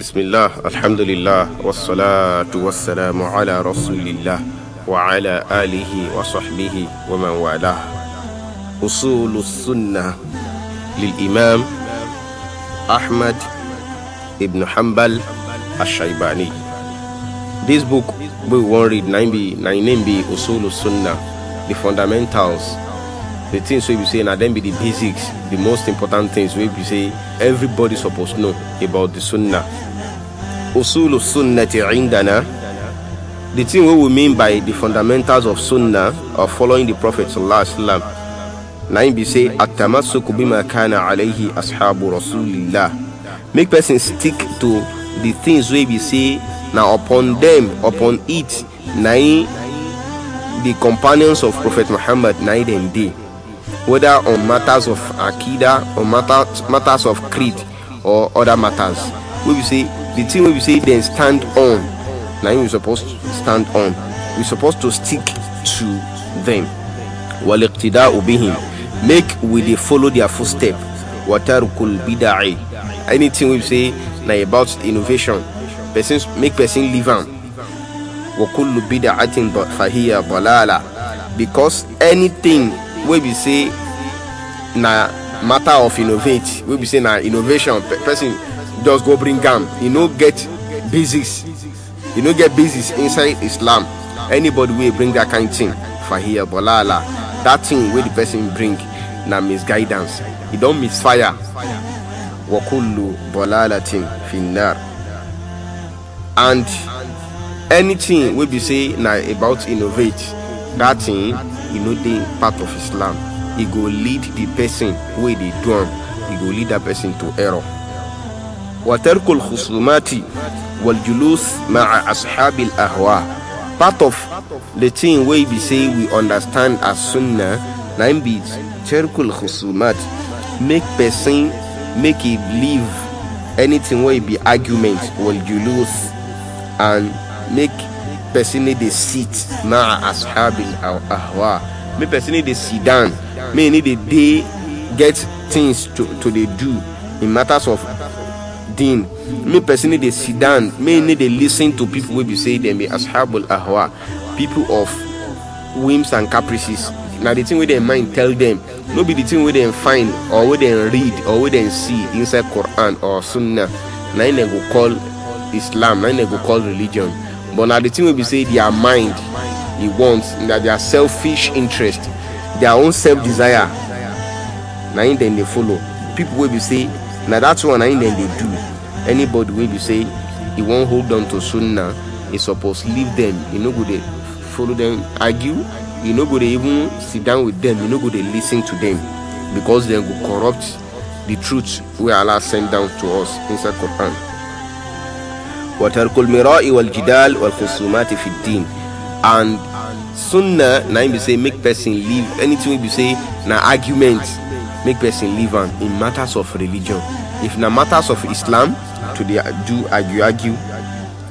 بسم الله الحمد لله والصلاة والسلام على رسول الله وعلى آله وصحبه ومن والاه أصول السنة للإمام أحمد Ibn Hanbal الشيباني This book we won't read 9b, 9b أصول السنة The Fundamentals the things wey be say na dem be the basics the most important things we be say everybody supposed to know about the sunnah usulu sunnati indana the thing wey we mean by the fundamentals of sunnah or following the prophet sallallahu alaihi wasallam na im be say atamasuku bima kana alayhi ashabu rasulillah make person stick to the things we be say now upon them upon it na the companions of prophet muhammad na dem dey whether on matters of akida or matters, matters of creed or other matters we be say the thing we be say Then stand on Now you are supposed to stand on we supposed to stick to them waliqtida ubihim. make will they follow their footstep watarukul bida'i anything we say Now about innovation Persons make person leave am wakullu bida'atin fahiya balala because anything wey be say na matter of innovate wey be say na innovation Pe person just go bring am e no get basis e no get basis inside islam anybody wey bring that kind thing for here bolala that thing wey the person bring na misguidance e don misfire Wakulu, wakullu thing finnar and anything wey be say na about innovate that thing He know the part of islam He go lead the person where they do not He go lead that person to error وترك الخصومات والجلوس مع أصحاب الأهواء part of the thing where be say we understand as sunnah nine beats. be terkul make person make it leave anything wey be argument or julus and make pɛ sɛ ne de sit ma ashabil ahwa mepɛ sɛ ne de sit down me need de day, get things to to dey do in matters of din, me person dey sit down me need dey lis ten to people wey be say dem be ashabul ahwa people of whims and caprices na the thing wey dem mind tell dem no be the thing wey dem find or wey dem read or wey dem see inside quran or sunnah na im dem go call islam na im dem go call religion But now the thing will be say their mind, he wants that their selfish interest, their own self desire. Now in then they follow. People will be say now that's what, now in then they do. Anybody will be say he won't hold on to sunnah. He supposed leave them. You e know go they follow them argue. You e know go they even sit down with them. You e know go they listen to them because they go corrupt the truth we Allah sent down to us inside Quran. وترك المراء والجدال والخصومات في الدين and sunnah na him be say make person leave anything we be say na argument make person leave am in matters of religion if na matters of islam to dey do argue argue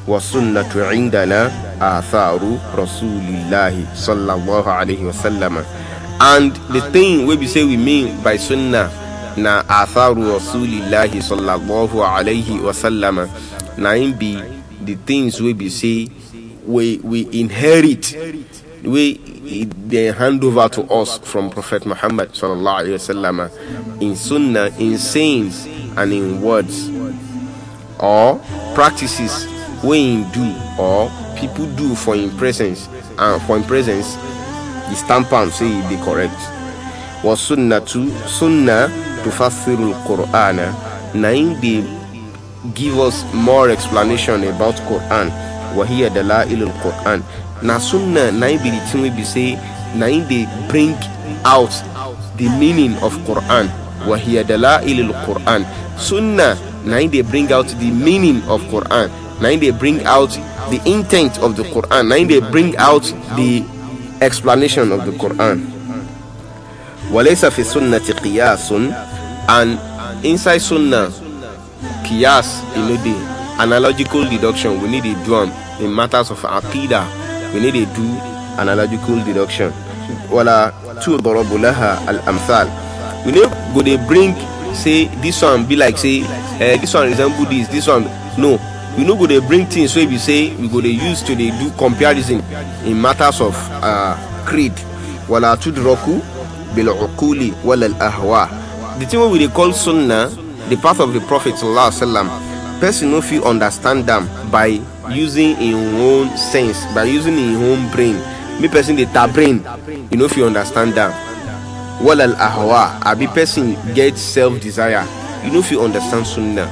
والسنة عندنا آثار رسول الله صلى الله عليه وسلم and the thing we be say we mean by sunnah na atharu rasulillahi sallallahu alaihi wasallam na be the things we be say we we inherit we they hand over to us from prophet muhammad sallallahu alaihi wasallam in sunnah in sayings and in words or practices we do or people do for in presence and for in presence the stamp and say it be correct was sunnah to sunnah to fassirul qur'ana na im give us more explanation about Quran wahiya dalailul Quran na sunna na be the thing we be say na they bring out the meaning of Quran wahiya dalailul Quran sunna na they bring out the meaning of Quran na they bring out the intent of the Quran na they bring out the explanation of the Quran وليس في سنة قياس and inside sunnah Qiyas, you analogical deduction, we need to do them. In matters of Aqidah, we need to do analogical deduction. Wala two darabulaha al-amthal. We need go dey bring, say, this one be like, say, uh, this one resemble this, this one. No, we no go dey bring things wey be say we go dey use to dey do comparison in matters of uh, creed wala tudraku bil uquli wala al ahwa the thing wey we dey call sunnah the path of the prophet sallam, person no fit understand them by using his own sense by using his own brain me person dey ta brain you no fit understand them walal ahwa abi person get self desire you no fit understand sunnah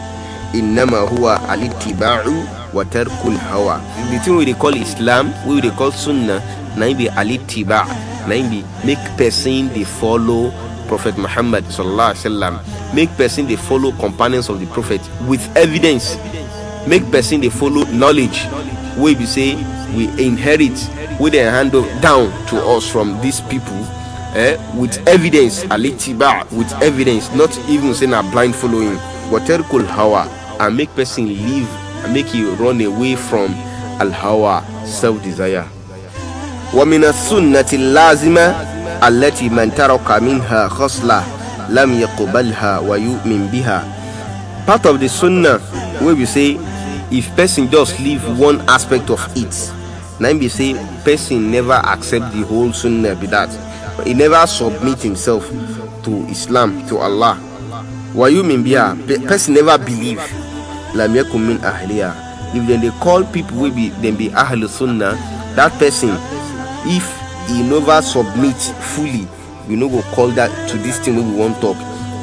innama huwa alitiba'u wa tarkul hawa the thing we dey call islam we dey call sunnah na im be alitiba na im be make person dey follow Prophet Muhammad sallam, make person they follow companions of the Prophet with evidence. Make person they follow knowledge. We be say we inherit, we a hand down to us from these people eh, with evidence. Alitiba with evidence, not even saying a blind following. Water kul hawa and make person leave and make you run away from al hawa self desire. ومن السنة اللازمة التي من ترك منها خصلة لم يقبلها ويؤمن بها part of the sunnah wey be say if person just leave one aspect of it na him be say person never accept the whole sunnah be that he never submit himself to islam to allah wayumin biya person never believe lam yakun min ahliya if dem dey call people wey be dem be ahlu sunnah that person if he never submit fully we know go call that to this thing wey we wan talk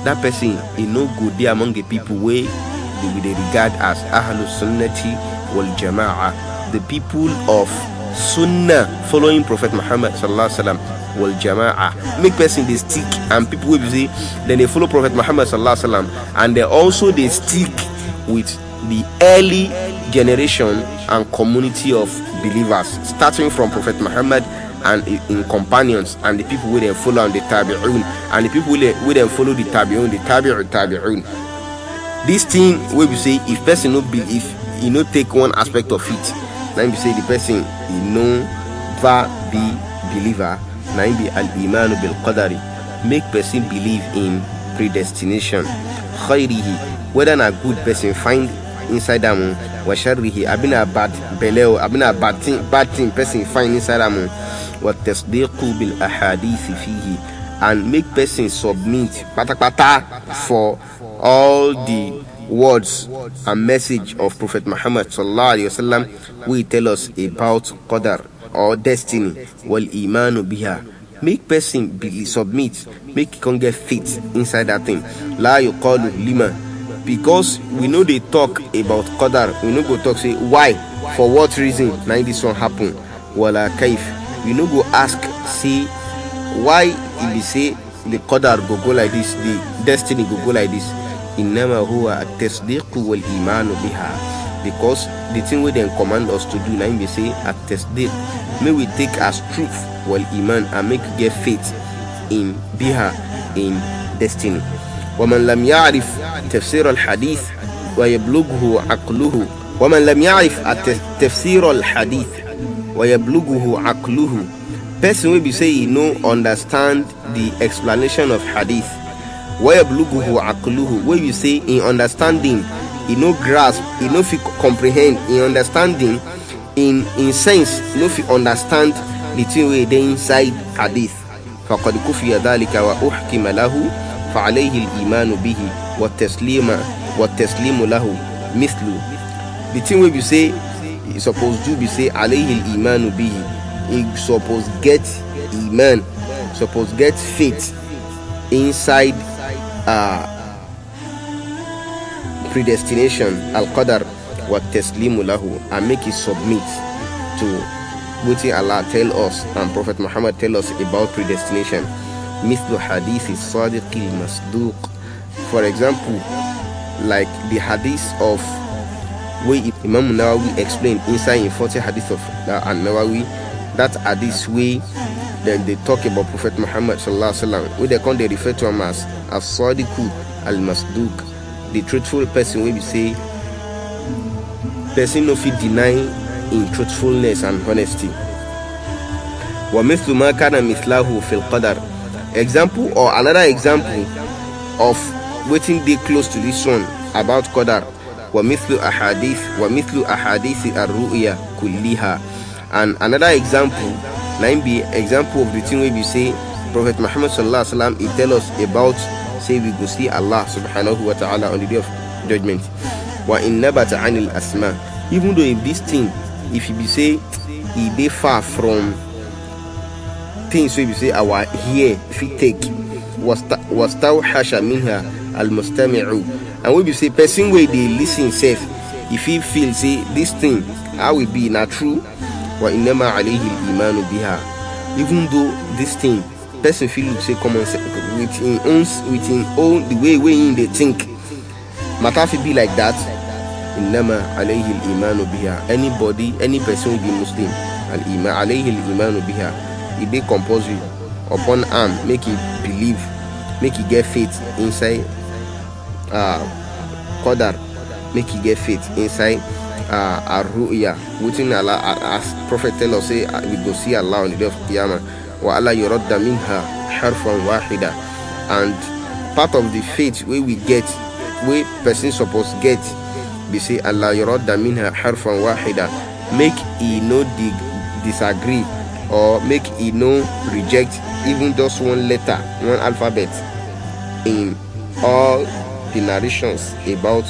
that person he no go dey among the people wey we dey regard as ahlu sunnati wal jama'a the people of sunnah following prophet muhammad sallallahu alaihi wasallam wal jama'a make person dey stick and people wey be say dem dey follow prophet muhammad sallallahu alaihi wasallam and dem also dey stick with the early generation and community of believers starting from prophet muhammad and in companions and the people who then follow on the tabi'un and the people who then follow the tabi'un the tabi'un tabi'un this thing where we say if person no believe, you know take one aspect of it then we say the person you know va be believer now be al iman bil qadari make person believe in predestination khairihi whether na good person find inside am wa sharrihi abina bad beleo abina bad thing bad thing person find inside them وَالتَّصْدِيقُ بِالْأَحَادِيثِ فِيهِ and make person submit patapata for all the words and message of Prophet Muhammad sallallahu alaihi wasallam will tell us about qadar or destiny wal iman biha make person be submit make he can get fit inside that thing la yuqalu lima because we know they talk about qadar we know go talk say why for what reason Now this one happen wala kaif you no go ask see why he be say the qadar go go like this the destiny go go like this innama huwa at-tasdiq wal iman biha because the thing we then command us to do na im say at-tasdiq may we take as truth wal iman and make get faith in biha in destiny ومن لم يعرف تفسير الحديث ويبلغه عقله ومن لم يعرف تفسير الحديث wayablughu akluhu person will be say he no understand the explanation of hadith wayablughu akluhu wey you say in understanding he no grasp he no fit comprehend in understanding in in sense no fit understand the thing we dey inside hadith faqad kufiya dhalika wa uhkima lahu fa alayhi al wa teslima wa taslimu lahu mithlu the thing we be say he supposed to be say alayhi iman be." He supposed get iman. Supposed get faith inside uh, predestination al-qadar wa taslimu lahu and make it submit to what Allah tell us and Prophet Muhammad tell us about predestination. مثل حديث الصادق المصدوق for example like the hadith of Way imam nawawi explain inside in 40 hadith of uh, an nawawi that this way then they talk about prophet muhammad sallallahu alaihi wasallam wey dem come refer to him as as-sadiqu al-masduq the truthful person We be say person no fit deny in truthfulness and honesty wa mithlu ma kana mithlahu fil qadar example or another example of waiting dey close to this one about qadar ومثل أحاديث ومثل أحاديث الرؤيا كلها and another example na be example of the thing we be say prophet muhammad sallallahu alaihi wasallam he tell us about say we go see allah subhanahu wa ta'ala on the day of judgment wa in nabata anil asma even though if this thing if you be say he be far from things we be say our here, if he take was tawhasha minha al-mustami'u and wey be say person wey dey lis ten sef e fit feel say dis thing how e be na true wa inama alayhi imanu biha even though dis thing person fit look say common sense with im own with im own the way wey im dey think matter fit be like that inama alayhi imanu biha anybody any person wey be muslim al iman alayhi imanu biha e dey compulsory upon am make e believe make e get faith inside Uh, qadar make you get faith inside uh, ar-ru'ya wetin allah as prophet tell us say uh, we go see allah on the day of qiyamah wa allah yuradda minha harfan wahida and part of the faith wey we get wey person suppose get be say allah yuradda minha harfan wahida make he no dig disagree or make he no reject even just one letter one alphabet in all The narrations about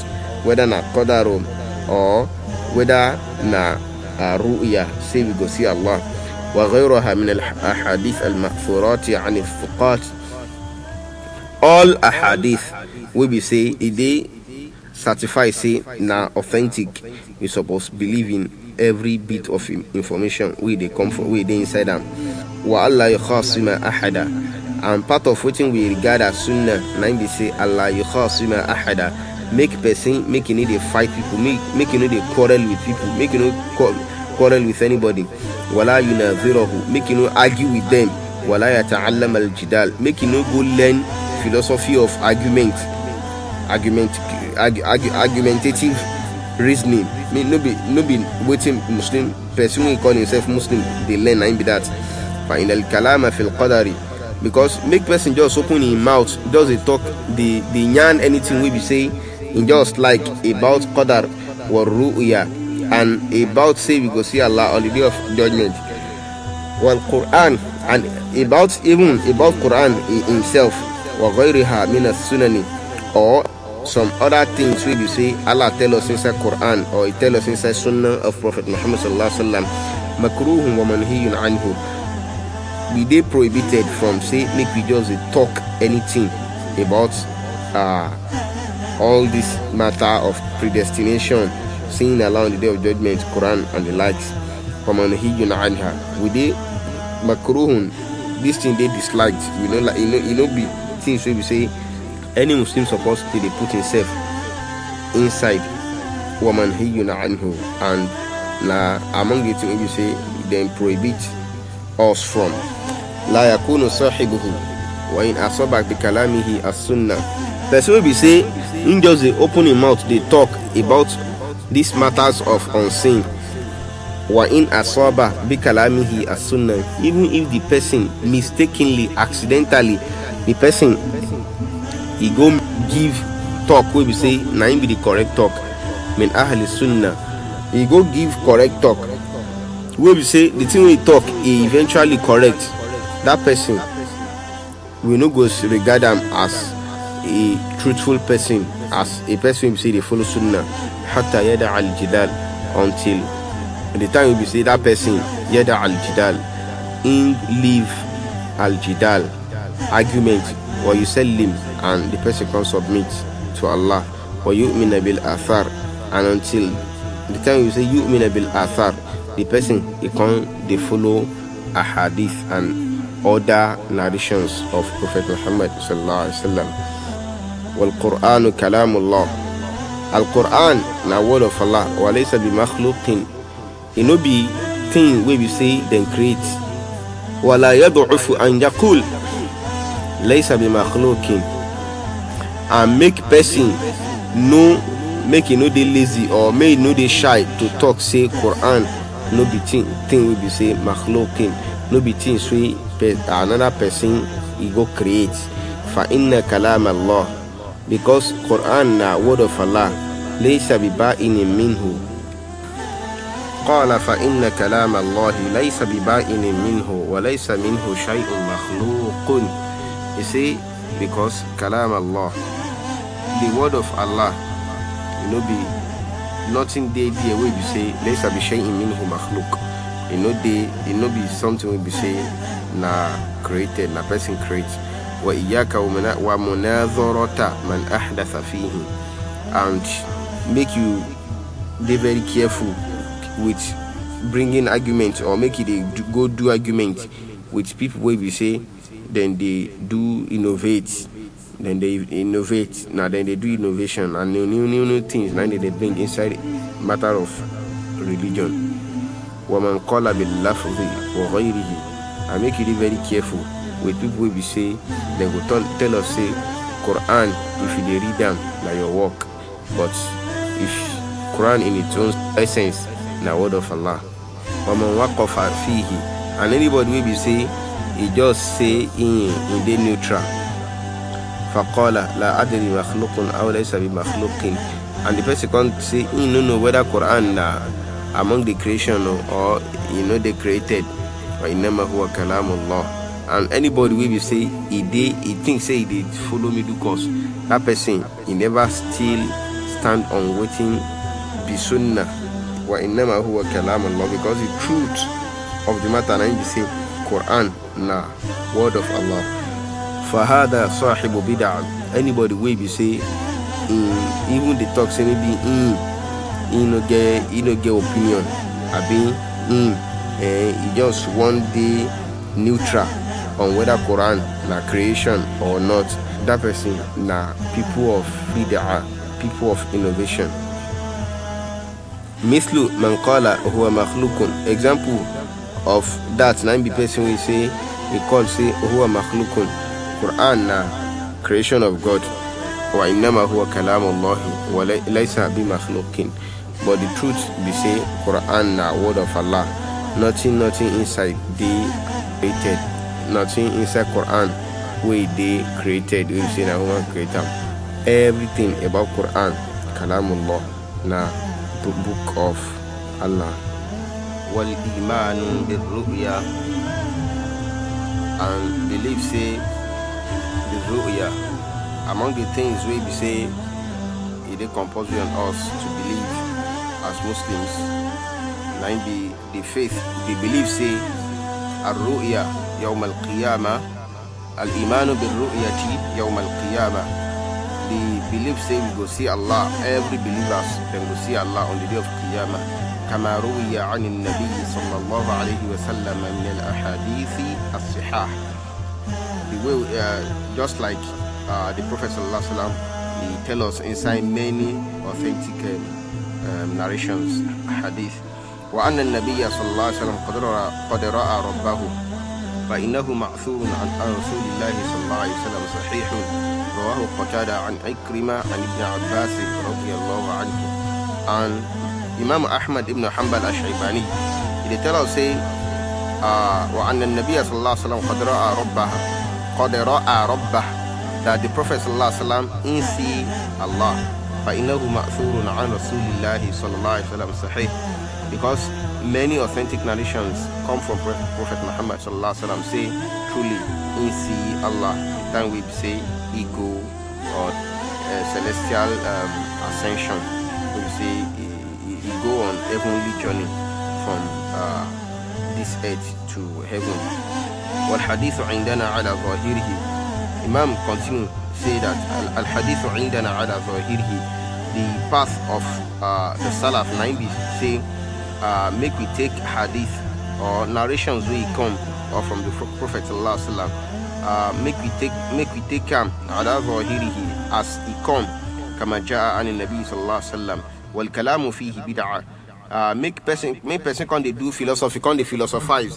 whether na qadaru or whether na uh, ru'ya say we go see Allah وغيرها من الأحاديث المغفورات عن الفقات all ahadith we be say e dey certify say na authentic We suppose believe in every bit of information wey dey come from wey dey inside am wa allah yukhasima ahada and part of wetin we regard as sunnah na be say allah you call sunnah ahada make person make you no dey fight people make make you no dey quarrel with people make you no quarrel with anybody wala yunazirahu make you no argue with them wala yata'allam al-jidal make you no go learn philosophy of argument argument arg arg argumentative reasoning me no be no be wetin muslim person wey call himself muslim dey learn na be that fa inal kalama fil qadari because make person just open him mouth just dey talk dey dey yarn anything wey be say e just like about qadar wa ru'ya and about say we go see allah on the day of judgment wal quran and about even about quran himself wa ghayriha min as-sunani or some other things wey be say allah tell us inside quran or he tell us inside sunnah of prophet muhammad sallallahu alaihi wasallam makruhun wa manhiyun anhu we dey prohibited from say make we just dey talk anything about uh, all this matter of predestination seeing allah on the day of judgment quran and the likes From famanhiyun anha we dey makruhun this thing dey disliked you know like you know, you know be things wey be say any muslim suppose to dey put himself inside wamanhiyun anhu and na among the things wey be say dem prohibit us from. لا يكون صاحبه وإن أصابك as السنة Person will be say, in just they open mouth, they talk about these matters of unseen. وإن أصاب as السنة Even if the person mistakenly, accidentally, the person he go give talk We be say na be the correct talk. من أهل السنة He go give correct talk we be say the thing we talk he eventually correct that person we no go regard am as a truthful person as a person we be say dey follow sunnah hatta yada al jidal until the time we be say that person yada al jidal in leave al jidal argument or you sell limb and the person can submit to Allah or you bil athar and until the time you say you bil athar the person he can, they follow a hadith and other narrations of Prophet Muhammad sallallahu alaihi wasallam. Wal Quran kalamullah. Al Quran na word of Allah. Walaysa bi makhluqin. It no be thing where we say then create. Wala yadu'ufu an yaqul laysa bi makhluqin. And make person no make you e no dey lazy or make you e no dey shy to talk say Quran no be thing thing wey be say makhlukin no be things wey another person e go create fa inna kalam allah because quran na word of allah laysa bi ba'inin minhu قال فإن كلام الله ليس ببائن منه وليس منه شيء مخلوق You see, because كلام الله the word of Allah you know be nothing dey there we be say laysa bi shay'in minhu look. You know they, you know, be something we be say na created na person create wa iyyaka wa munazarata man ahdatha fihi and make you be very careful with bringing argument or make you go do argument with people wey we say then they do innovate then they innovate now then they do innovation and new new new, new things now they, they bring inside matter of religion woman call a bit or i make you be very careful with people will be say they will tell, tell us say quran if you read them now your work but if quran in its own essence now word of allah woman work of fihi and anybody will be say he just say in in the neutral faqala la adri makhluqun aw laysa bi makhluqin and the person come say he hmm, no know whether quran na among the creation or you know they created wa innama huwa kalamullah and anybody wey be say he dey he think say he dey follow me do course that person he never still stand on wetin be sunnah wa innama huwa kalamullah because the truth of the matter na him be say quran na word of allah fahada sahibu bid'ah anybody wey be say um, even dey talk say maybe um, e no get e no get opinion abi um, eh, just wan dey neutral on whether quran na creation or not that person na people of bid'ah people of innovation mislu man qala huwa makhluqun example of that na be person wey say he call say huwa makhluqun Quran na creation of God wa innama huwa kalamullah wa laysa bi makhluqin but the truth be say Quran na word of Allah nothing nothing inside the created nothing inside Quran way they created we say na human creator everything about Quran Allah, na the book of Allah wal iman bil ru'ya and believe say ru'ya among the things we say it is compulsory on us to believe as Muslims nine the the faith the belief say al-Rooia, al-Qiyama, الرؤيا يوم القيامة الإيمان بالرؤية al القيامة the belief say we go see Allah every believer can go see Allah on the day of Qiyamah كما روي عن النبي صلى الله عليه وسلم من الأحاديث الصحاح the way, uh, just like uh, the Prophet Sallallahu he tell us inside many authentic um, um, narrations, hadith. وأن النبي صلى الله عليه وسلم قد رأى, قد رأى ربه فإنه معثور عن رسول الله صلى الله عليه وسلم صحيح رواه قتادة عن عكرمة عن ابن عباس رضي الله عنه عن إمام أحمد ibn Hanbal الشيباني il est alors وأن النبي صلى الله عليه وسلم قد رأى ربها قد رأى that the Prophet صلى see Allah فإنه مأثور عن رسول الله صلى الله عليه وسلم because many authentic narrations come from Prophet Muhammad sallallahu alaihi wasallam say truly in see Allah then we say ego or uh, celestial um, ascension we say he go on heavenly journey from uh, this earth to heaven والحديث عندنا على ظاهره Imam to say that al-hadith عندنا على ظاهره the path of uh, the Salaf Naimbi say uh, make we take hadith or narrations we come or from the Prophet Allah uh, make we take make we take him ala ظاهره as he come كما جاء عن النبي صلى الله عليه وسلم والكلام فيه بدعه uh, make person make person come they do philosophy, come they philosophize,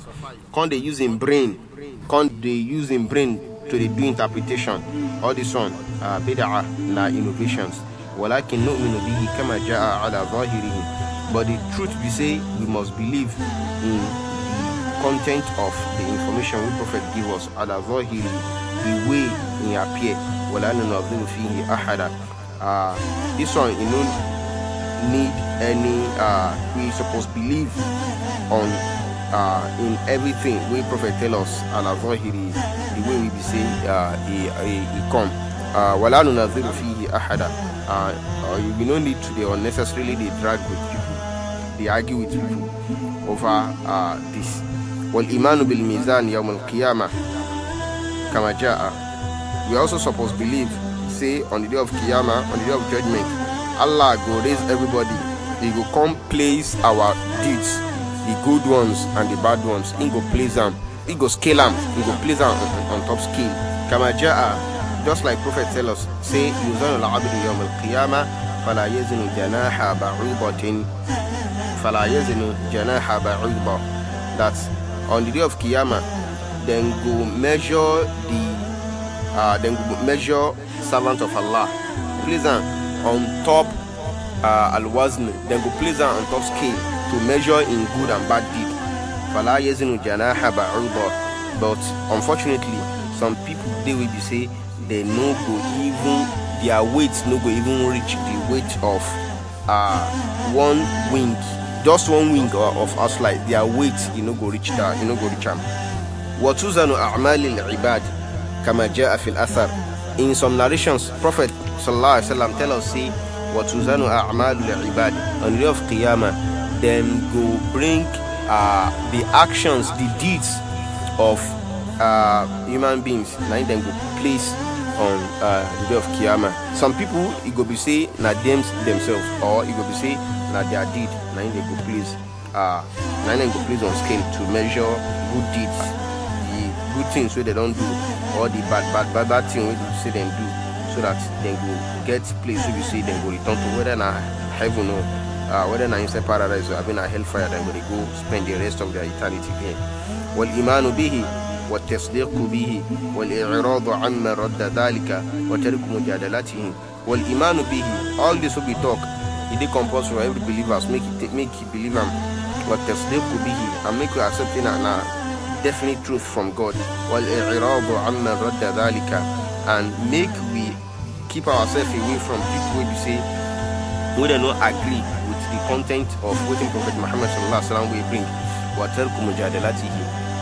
come they use in brain, come they use in brain to they do interpretation. All this one, uh, bid'ah na innovations. ولكن نؤمن به كما جاء على ظاهره but the truth we say we must believe in the content of the information we prophet give us على ظاهره the way he appear ولا ننظر فيه أحدا uh, this one you know need any uh we suppose believe on uh in everything We prophet tell us and avoid the the way we be say uh he he, he come uh wala nunaziru fihi ahada uh, uh we no need to dey unnecessarily they drag with people they argue with people over uh this والإيمان imanu يوم القيامة كما جاء we also suppose believe say on the day of Qiyamah on the day of judgment Allah go raise everybody. He go come place our deeds, the good ones and the bad ones. He go place them. He go scale them. He go place them on, on top scale. Kamaja'a, just like Prophet tell us, say, Yuzan al-abdi yawm al-qiyamah, فلا يزن جناح بعوضة فلا يزن جناح بعوضة that on the day of Qiyamah then go measure the uh, then go measure servant of Allah please um, on top uh, alwazn then go place on top scale to measure in good and bad deed but unfortunately some people they will be say they no go even their weight no go even reach the weight of uh, one wing just one wing of us like their weight you know go reach that you know go reach am وتوزن أعمال العباد كما in some narrations prophet sallallahu alaihi wasallam tell us, see, what Tuzanu A'malu ibad on the day of Qiyamah, then go bring uh, the actions, the deeds of uh, human beings, now then go place on uh, the day of Qiyamah. Some people, it go be say, na them themselves, or it go be say, na their deed, now they go place, uh, now they go place on scale to measure good deeds, the good things where they don't do, or the bad, bad, bad, bad thing where they say them do so that they will get place so you see they will return to whether na heaven or uh, whether na inside paradise or having a hellfire they will go spend the rest of their eternity there والإيمان به والتصديق به والإعراض عما رد ذلك وترك مجادلته والإيمان به all this will be talk it decomposes for every believers make it make it believe والتصديق به and make you accepting an definite truth from God والإعراض عما رد ذلك and make keep ourselves away from people who say we do not agree with the content of what Prophet Muhammad sallallahu alaihi wasallam will bring.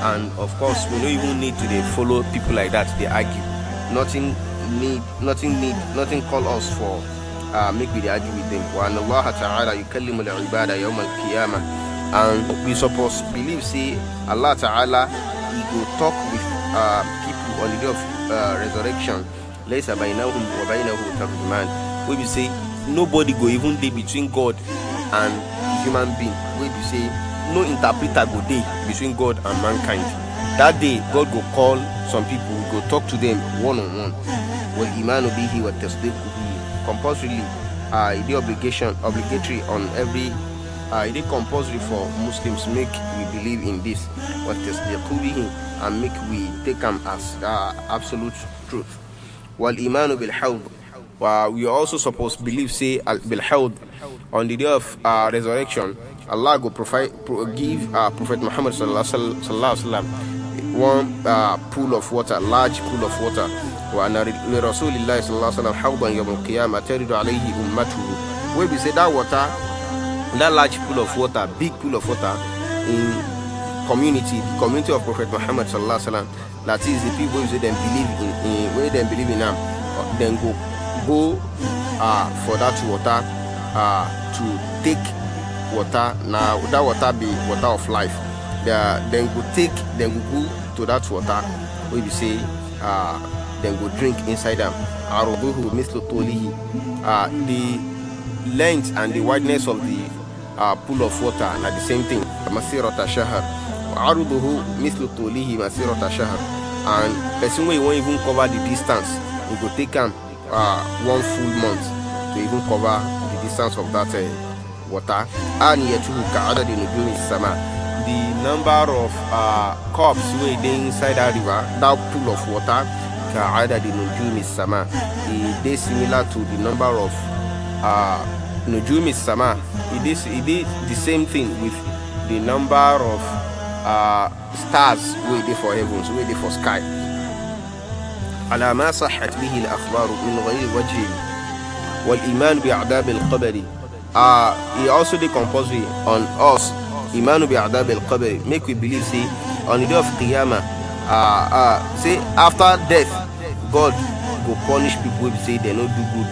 And of course, we don't even need to follow people like that. They argue. Nothing need, nothing need, nothing call us for uh, make we argue with them. وأن الله تعالى يكلم العباد al and we suppose believe say Allah Ta'ala he will talk with uh, people on the day of uh, resurrection Let's we say nobody go even day between God and human being. Where we say no interpreter go day between God and mankind. That day God go call some people, go talk to them one on one. Well Iman will be here, what they could be compulsorily uh, obligation obligatory on every uh, it is compulsory for Muslims make we believe in this what is the and make we take them as uh, absolute truth wal imanu bil hawd. we also suppose believe say bil hawd on the day of uh, resurrection. Allah go provide pro, give uh, Prophet Muhammad sallallahu alaihi wasallam one uh, pool of water, large pool of water. Wa لرسول الله صلى الله عليه وسلم حوضا يوم القيامة ترد عليه أمته. Where we say that water, that large pool of water, big pool of water in community, the community of Prophet Muhammad sallallahu alaihi wasallam that is the people wey say dem believe in in wey dem believe in am dem uh, go go uh, for that water uh, to take water na that water be water of life They, dem go take dem go go to that water wey be say uh, dem go drink inside am arodohu mislotolihi uh, the length and the wideness of the uh, pool of water na the same thing masirata shahar. وعرضه مثل طوله مسيرة shahar and person wey wan even cover the distance e go take am uh, one full month to even cover the distance of that uh, water and yetuhu kaadadi nujumi sama the number of uh, cups wey dey inside that river that pool of water kaadadi nujumi sama e dey similar to the number of uh, nujumi sama e, e dey the same thing with the number of Uh, stars wey dey for heavens wey dey for sky على ما صحت به الأخبار من غير وجه والإيمان بعذاب القبر uh, he also dey compulsory on us imanu bi adab al qabr make we believe say on the day of qiyamah uh, uh, say after death god go punish people wey be say they no do good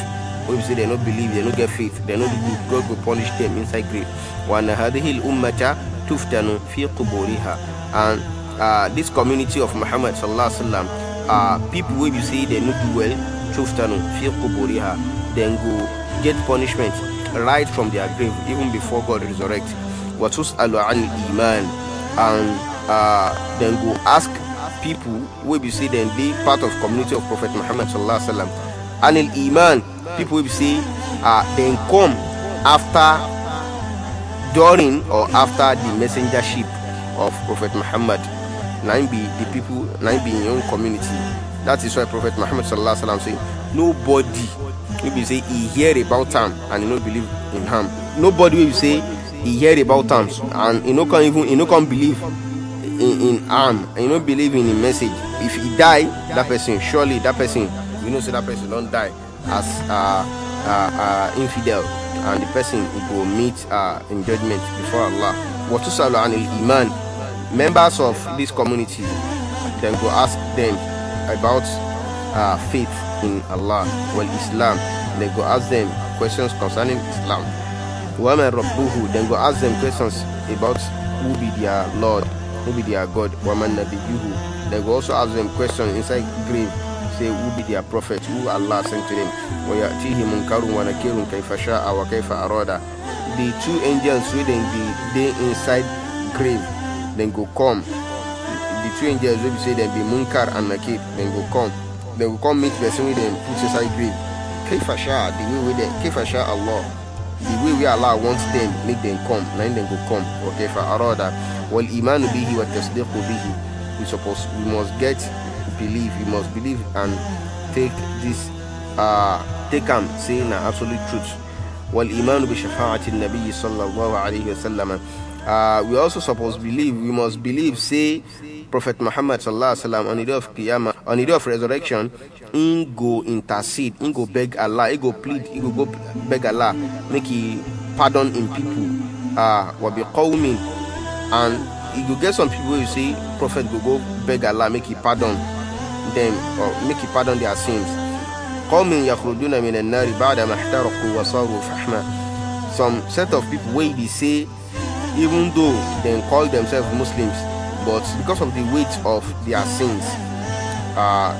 wey be say they no believe they no get faith they no do good god go punish them inside grave wa na hadihi al ummata tuftanu fi quburiha and uh, this community of Muhammad sallallahu alaihi wasallam uh, people will be say they not do well tuftanu fi quburiha then go get punishment right from their grave even before God resurrects wa tus'alu an iman and uh, then go ask people will be say then be part of community of prophet Muhammad sallallahu alaihi wasallam and iman people will be say uh, then come after during or after the messengership of Prophet Muhammad. Nine be the people, nine be in your own community. That is why Prophet Muhammad sallallahu alaihi wasallam say, nobody will say he hear about him and he not believe in him. Nobody will say he hear about him and he do can even he no can believe in in him. He not believe in the message. If he die, that person surely that person you know say that person don't die as. Uh, uh, uh, infidel and the person who will meet uh, in judgment before Allah. Watusalu and Iman, members of this community, then go ask them about uh, faith in Allah, well Islam. Then go ask them questions concerning Islam. then go ask them questions about who be their Lord, who be their God, Then go also ask them questions inside grave say who be their prophet who Allah sent to them ويأتيه منكر ونكير كيف شاء وكيف أراد the two angels wey dem inside grave Then go come the two angels will be say dem be munkar and nakir then go come They go come meet person with them, put inside grave kaifa the way we dem kaifa allah the way we allah want them, make them come na im go come Okay, kaifa arada wal iman bihi wa tasdiq bihi we suppose we must get believe you must believe and take this uh, take him saying the absolute truth والإيمان بشفاعة bi صلى الله sallallahu وسلم wasallam. Uh, we also suppose believe we must believe say Prophet Muhammad sallallahu alaihi wasallam on the day of Qiyamah on the day of resurrection in go intercede in go beg Allah in go plead in go, beg Allah make he pardon in people uh, will be qawmin and you get some people you see prophet go go beg Allah make he pardon them or make you pardon their sins قوم يخرجون من النار بعد ما احترقوا وصاروا فحما some set of people wey be say even though they call themselves muslims but because of the weight of their sins uh,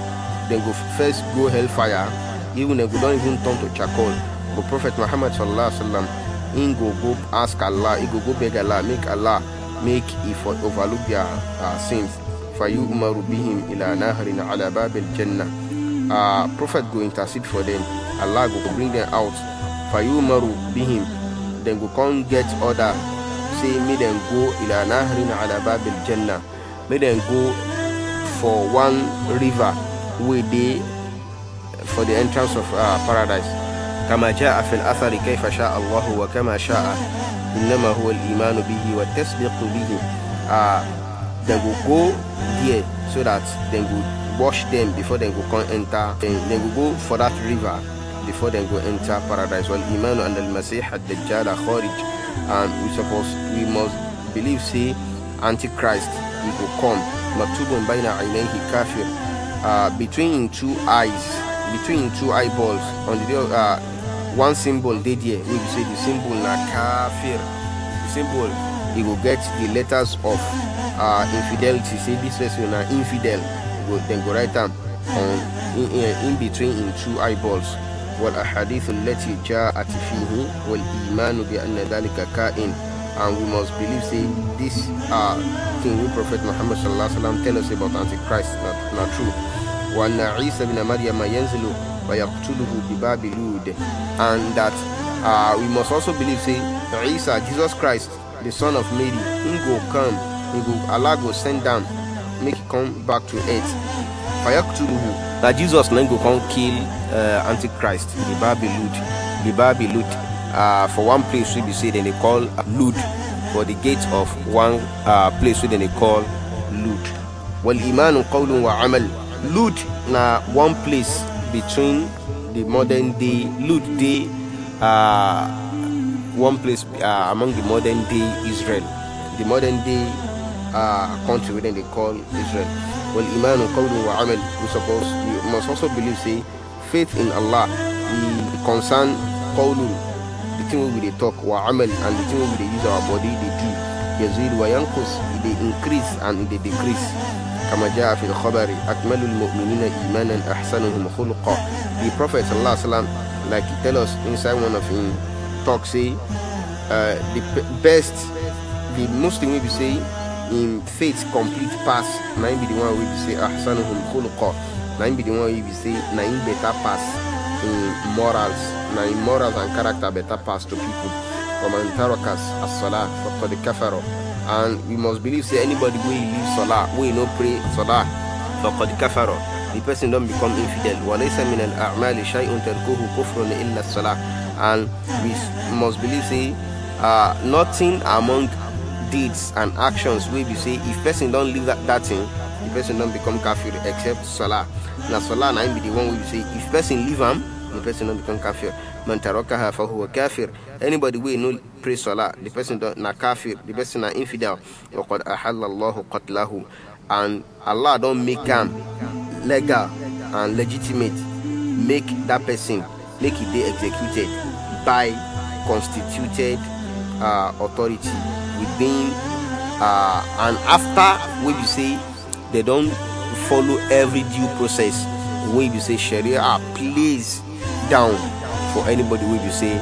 dem go first go hellfire even they go don even turn to charcoal but prophet muhammad sallallahu alaihi wasallam im go go ask allah He go go beg allah make allah make e overlook their uh, sins فَيُؤْمَرُ بِهِمْ إِلَى نَهْرٍ عَلَى بَابِ الْجَنَّةِ uh, Prophet go intercede for them. Allah go bring them out. فَيُؤْمَرُ بِهِمْ Then go come get order. Say, may them go إِلَى نَهْرٍ عَلى بَابِ الْجَنَّةِ May them go for one river where they for the entrance of uh, paradise. كما جاء في الأثر كيف شاء الله وكما شاء إنما هو الإيمان به والتصديق به. Uh, they will go there so that they will wash them before they will come enter and they will go for that river before they go enter paradise when iman and al-masih the dajjal kharij and we suppose we must believe say antichrist he will come matubun baina aynayhi kafir uh, between two eyes between two eyeballs on the uh, one symbol dey there we be say the symbol na kafir the symbol he will get the letters of uh, infidelity say this person na infidel go dem go write am on in, in, in between him two eyeballs والأحاديث التي جاءت فيه والإيمان بأن ذلك كائن and we must believe say this uh, thing wey Prophet Muhammad sallallahu alaihi wasallam tell us about Antichrist na, na true وأن عيسى بن مريم ينزل ويقتله بباب لود and that uh, we must also believe say Isa Jesus Christ the son of Mary he go come he will Allah go send down, make it come back to earth. That Jesus then go come kill uh, Antichrist, the Babi Lud, the Babi Lud. Uh, for one place we be say then they call Lud, for the gate of one uh, place we then they call Lud. Well, iman qawlun wa amal. Lud na one place between the modern day Lud day. Uh, one place uh, among the modern day Israel, the modern day uh, country within they call Israel. Well, iman qawlun wa amal. We suppose we must also believe say faith in Allah. The concern qawlun, the thing we they talk wa amal, and the thing we they use our body they do. يزيد وينقص they increase and they decrease كما جاء في الخبر أكمل المؤمنين إيمانا أحسنهم خلقا The Prophet صلى الله عليه وسلم like he tell us inside one of him talks say uh, the best the most thing we say in faith complete pass na be the one wey be say ahsanuhum khuluqa na him be the one wey be say na him better pass in morals na in morals and character better pass to people ومن ترك for the كفر and we must believe say anybody wey leave sola wey no pray sola for كفر the person don become infidel وليس من الأعمال شيء تركه كفر إلا الصلاة and we must believe say uh, nothing among deeds and actions wey be say if person don't leave that, that thing the person don't become kafir except salah na salah na him be the one wey be say if person leave him, the person don't become kafir man for who kafir anybody wey no pray salah the person don't na kafir the person na infidel waqad ahalla allahu qatlahu and allah don't make him legal and legitimate make that person make it be executed by constituted uh, authority within uh, and after what you say they don't follow every due process What you say sharia ah, please down for anybody What you say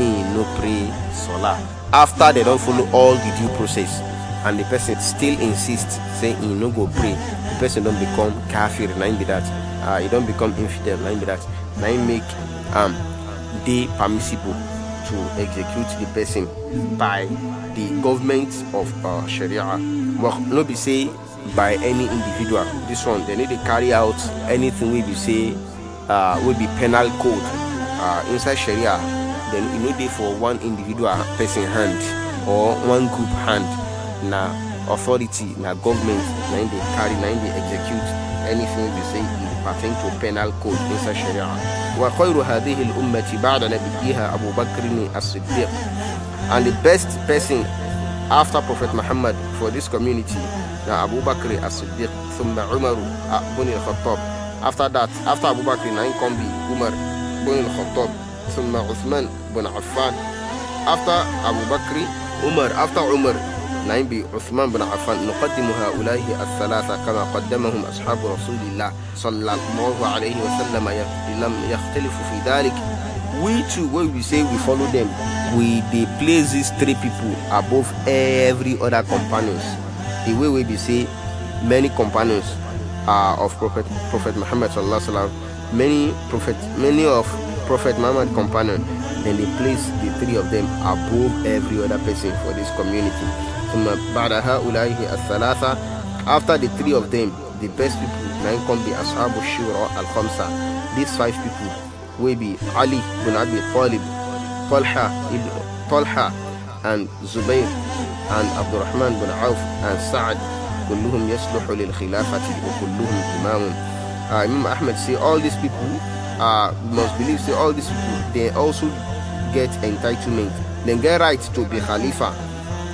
in no pray salah after they don't follow all the due process and the person still insists saying he no go pray the person don't become kafir nine be that uh, don't become infidel nine be that nine make um they permissible to execute the person by the government of uh, Sharia. Well, not be say by any individual. This one, they need to carry out anything we be say uh, will be penal code uh, inside Sharia. Then it no be for one individual person hand or one group hand. Now authority, now government, now they carry, now they execute anything we say pertaining to penal code inside Sharia. وخير هذه الأمة بعد نبيها أبو بكر الصديق and the best person after Prophet Muhammad for this community now Abu Bakr as-Siddiq Umar Ibn al Khattab. after that after Abu Bakr now come be Umar بن الخطاب ثم Uthman Ibn Affan. after Abu Bakr Umar after Umar نعم بعثمان بن عفان نقدم هؤلاء الثلاثة كما قدمهم أصحاب رسول الله صلى الله عليه وسلم لم يختلف في ذلك we too when we say we follow them we they place these three people above every other companions the way we be say many companions are of prophet prophet muhammad sallallahu many prophet many of prophet muhammad companion then they place the three of them above every other person for this community after the three of them the best people now come be ashabu shura al-khamsa these five people will Ali bin Abi Talib, Talha ibn Talha and Zubayr and Abdurrahman bin Auf and Saad, كلهم يصلح للخلافة وكلهم إمام uh, Imam Ahmed say all these people uh, must believe say all these people they also get entitlement then get right to be Khalifa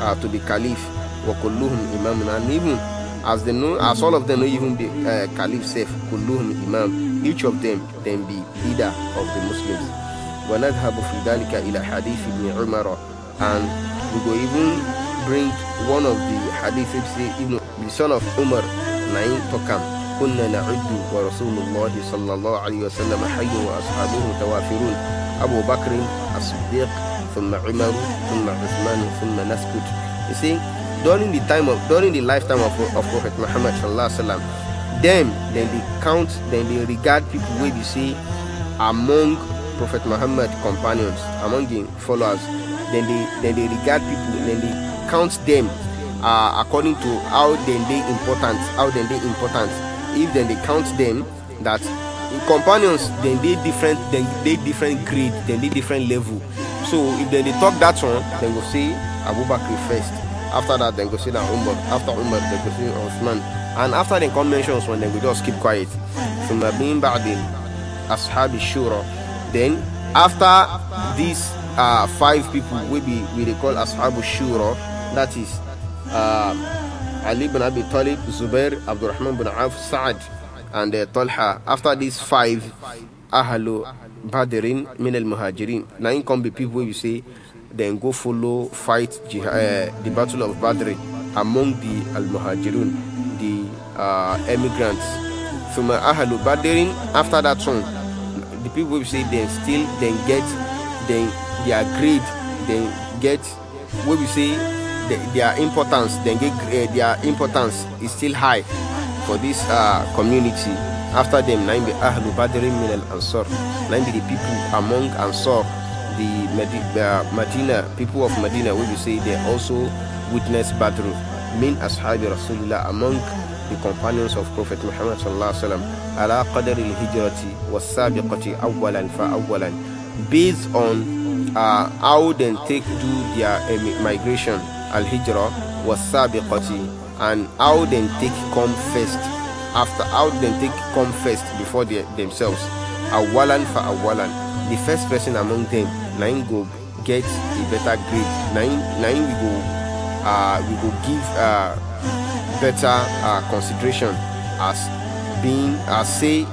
uh, to be Caliph وكلهم إمام and even as they know as all of them know even be uh, Caliph safe كلهم إمام each of them can be leader of the Muslims ونذهب في ذلك إلى حديث ابن عمر and we will even bring one of the hadith ibn the son of Umar Naim Tokam كنا نعد ورسول الله صلى الله عليه وسلم حي وأصحابه توافرون أبو بكر الصديق ثم عمر ثم عثمان ثم نسكت You see, during the time of during the lifetime of, of Prophet Muhammad sallallahu alaihi wasallam, Them, dem dey count dem dey regard people wey be say among prophet muhammad companions among im followers dem dey dem dey regard people dem dey count them uh, according to how dem dey important how dem dey important if dem dey count them that companions dem dey different dem dey different grade dem dey different level so if dem dey talk that one dem go say abubakar first After that, then go sit down Umar. After Umar, then go see Osman. And after the conventions, when then we just keep quiet. ثم من بعد أصحاب Shura. then after these uh, five people we be we they call Shura. that is uh, Ali bin Abi Talib Zubair Abdurrahman bin Auf Sa'ad and uh, Talha after these five أهل min al-muhajirin. now in come the people you see. then go follow fight uh, the battle of Badr among the al-muhajirun the uh, emigrants from ahalu badrin after that one the people say then still then get then their grade then get what we say their importance then get uh, their importance is still high for this uh, community after them nine be Ahlu badrin min al-ansar nine be the people among ansar the Medi- uh, Medina, people of Medina, we will say they also witnessed Badr. Min ashabi Rasulullah among the companions of Prophet Muhammad sallallahu alaihi ala qadri al-hijrati was-sabiqati awwalan fa awwalan based on uh, how they take do their um, migration al-hijra was-sabiqati and how they take come first after how they take come first before they, themselves awwalan fa awwalan the first person among them nine go get a better grade Nine, him we go uh, we go give uh, better uh, consideration as being uh, as say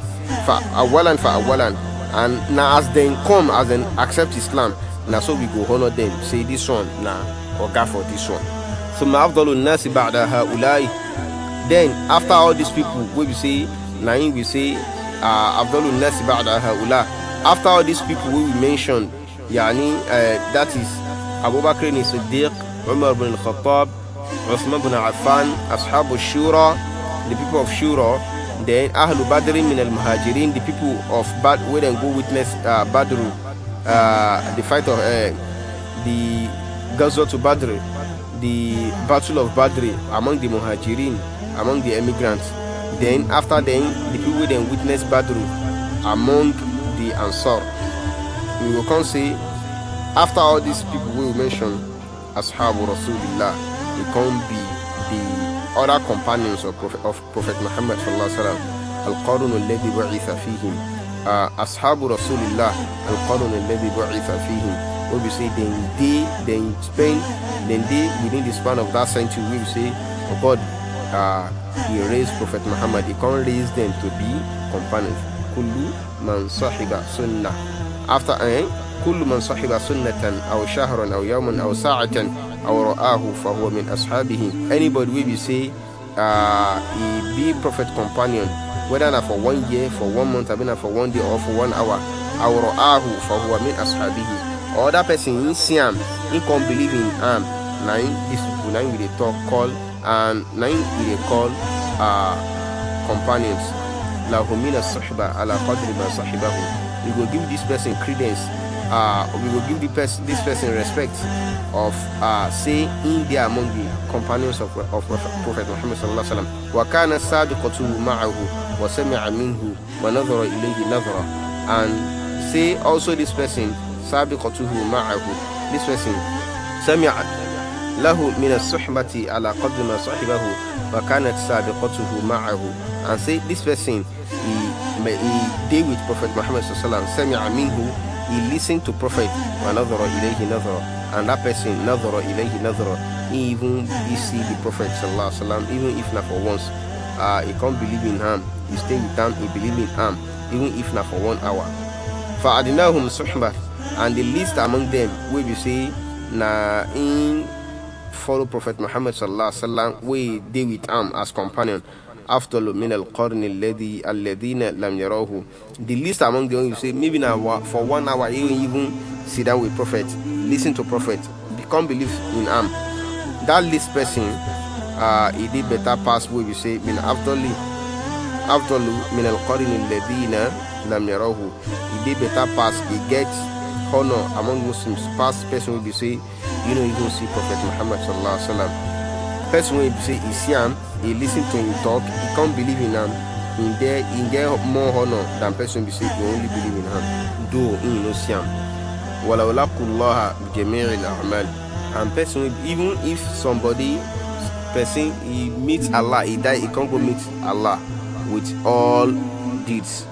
for a awalan for a awalan and now as then come as then accept islam now so we go honour them. say this one now or go for this one ثم أفضل about the هؤلاء then after all these people we say na we say uh, أفضل about the هؤلاء after all these people we mention يعني uh, that is أبو بكر الصديق عمر بن الخطاب عثمان بن عفان أصحاب الشورى the people of Shura then أهل بدر من المهاجرين the people of Bad where they go witness uh, Badr uh, the fight of uh, the Gaza to Badr the battle of Badr among the Muhajirin among the emigrants then after then the people then witness Badr among the Ansar we will come say after all these people we will mention ashabu rasulillah will come be the other companions of prophet, of prophet muhammad sallallahu alaihi wasallam al-qarun alladhi bu'itha fihim uh, ashabu rasulillah al-qarun alladhi bu'itha fihim we say then they then spain then they within the span of that century we will say oh god uh, he raised prophet muhammad he can't raise them to be companions kullu man sahiba sunnah After أن كل من صحب سنة أو شهر أو يوم أو ساعة أو رآه فهو من أصحابه. Anybody will be say, uh, he be prophet companion, whether not for one year, for one month, or for one day or for one hour. أو رآه فهو من أصحابه. Or that person in Siam, he can believe in him. Nine, this people, nine will they talk, call, and nine will call uh, companions. لهم من الصحبة على قدر ما صحبه we will give this person credence uh, we will give pers- this person respect of uh, say in there among the companions of, of Prophet Muhammad sallallahu alaihi wasallam وكان صادقته معه وسمع منه ونظر إليه نظرة and say also this person صادقته معه this person سمع له من الصحبة على قدر ما صحبه وكانت صادقته معه and say this person he he day with Prophet Muhammad Sami'a minhu, he listened to Prophet and that person nadhara ilayhi nadhara even he see the Prophet sallallahu alaihi wasallam. even if not for once. Uh, he can't believe in him, he stay with him, he believe in him, even if not for one hour. فَأَدْنَاهُمْ صُحْبَةً And the least among them, we will say, na in follow Prophet Muhammad sallallahu alaihi wasallam, we deal with him as companion. afdalu min al-qarni alladhi alladhina lam yarahu the least among them you say maybe na for one hour you even see that with prophet listen to prophet become believe in am that least person uh, he did better pass wey you say min afdalu afdalu min al-qarni alladhina lam yarahu he did better pass he gets honor among muslims past person wey be say you know you go see prophet muhammad sallallahu alaihi wasallam Person one, he say, he see him, he listen to him talk, he can't believe in him. In there, in there more honor than person be say, he only believe in him. Though, he no see him. وَلَوْلَا قُلَّهَا بِجَمِيعِ الْأَعْمَالِ And person, even if somebody, person, he meets Allah, he die, he can't go meet Allah with all deeds,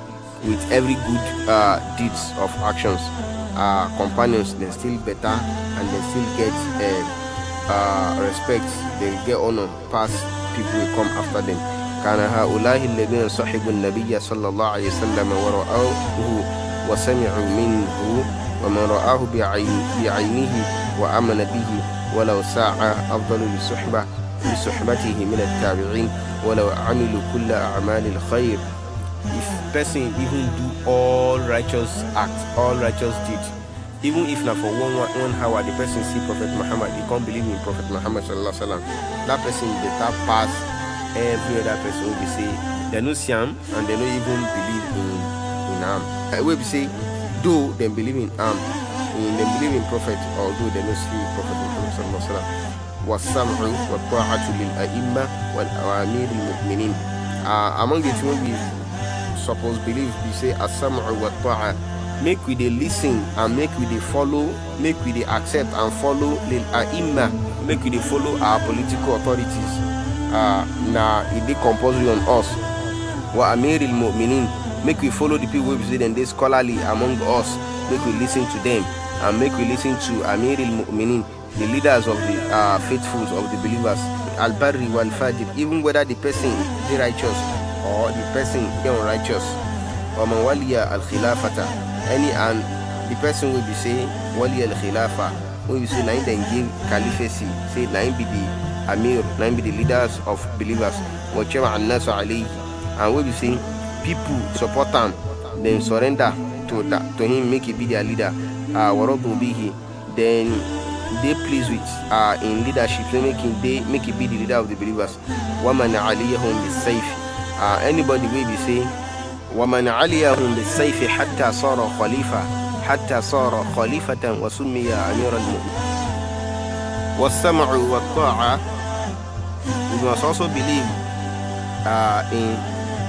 with every good uh, deeds of actions. Uh, companions, they still better and they still get uh, uh, respect, they will get honor past people will come after them. كان هؤلاء الذين صحبوا النبي صلى الله عليه وسلم ورأوه وسمعوا منه ومن رآه بعين بعينه وآمن به ولو ساعة أفضل لصحبة لصحبته من التابعين ولو عملوا كل أعمال الخير If person even do all righteous acts, all righteous deeds, even if now for one, one, one hour the person see prophet muhammad he can't believe in prophet muhammad sallallahu alaihi wasallam that person better pass every other person will be say they no siam and they no even believe in in him i will be say though they believe in him in they believe in prophet although they no see prophet muhammad sallallahu alaihi wasallam والسمع والطاعة للأئمة والأوامر المؤمنين uh, among the two we suppose believe we say as-sam'u wa ta'a make we dey lis ten and make we dey follow make we dey accept and follow the aima make we dey follow our political authorities uh, na e dey compulsory on us wa amiril mu'minin make we follow the people wey be say dem dey scholarly among us make we lis ten to them and make we lis ten to amiril mu'minin the leaders of the uh, faithfuls of the believers albari wal even whether the person dey righteous or the person dey unrighteous ومن ولي any and the person will be say wali al khilafa will be say na him dem give caliphacy say na him be the amir na him be the leaders of believers wajama annasu alayhi and will be say people support am dem surrender to that to him make he be their leader uh, ah, warodo bihi then dey pleased with uh, in leadership so make him dey make him be the leader of the believers wamana aliyahum bisayf uh, ah, anybody wey be say ومن عليه بالسيف حتى صار خليفة حتى صار خليفة وسمي أمير المؤمنين والسمع والطاعة we must also believe uh, in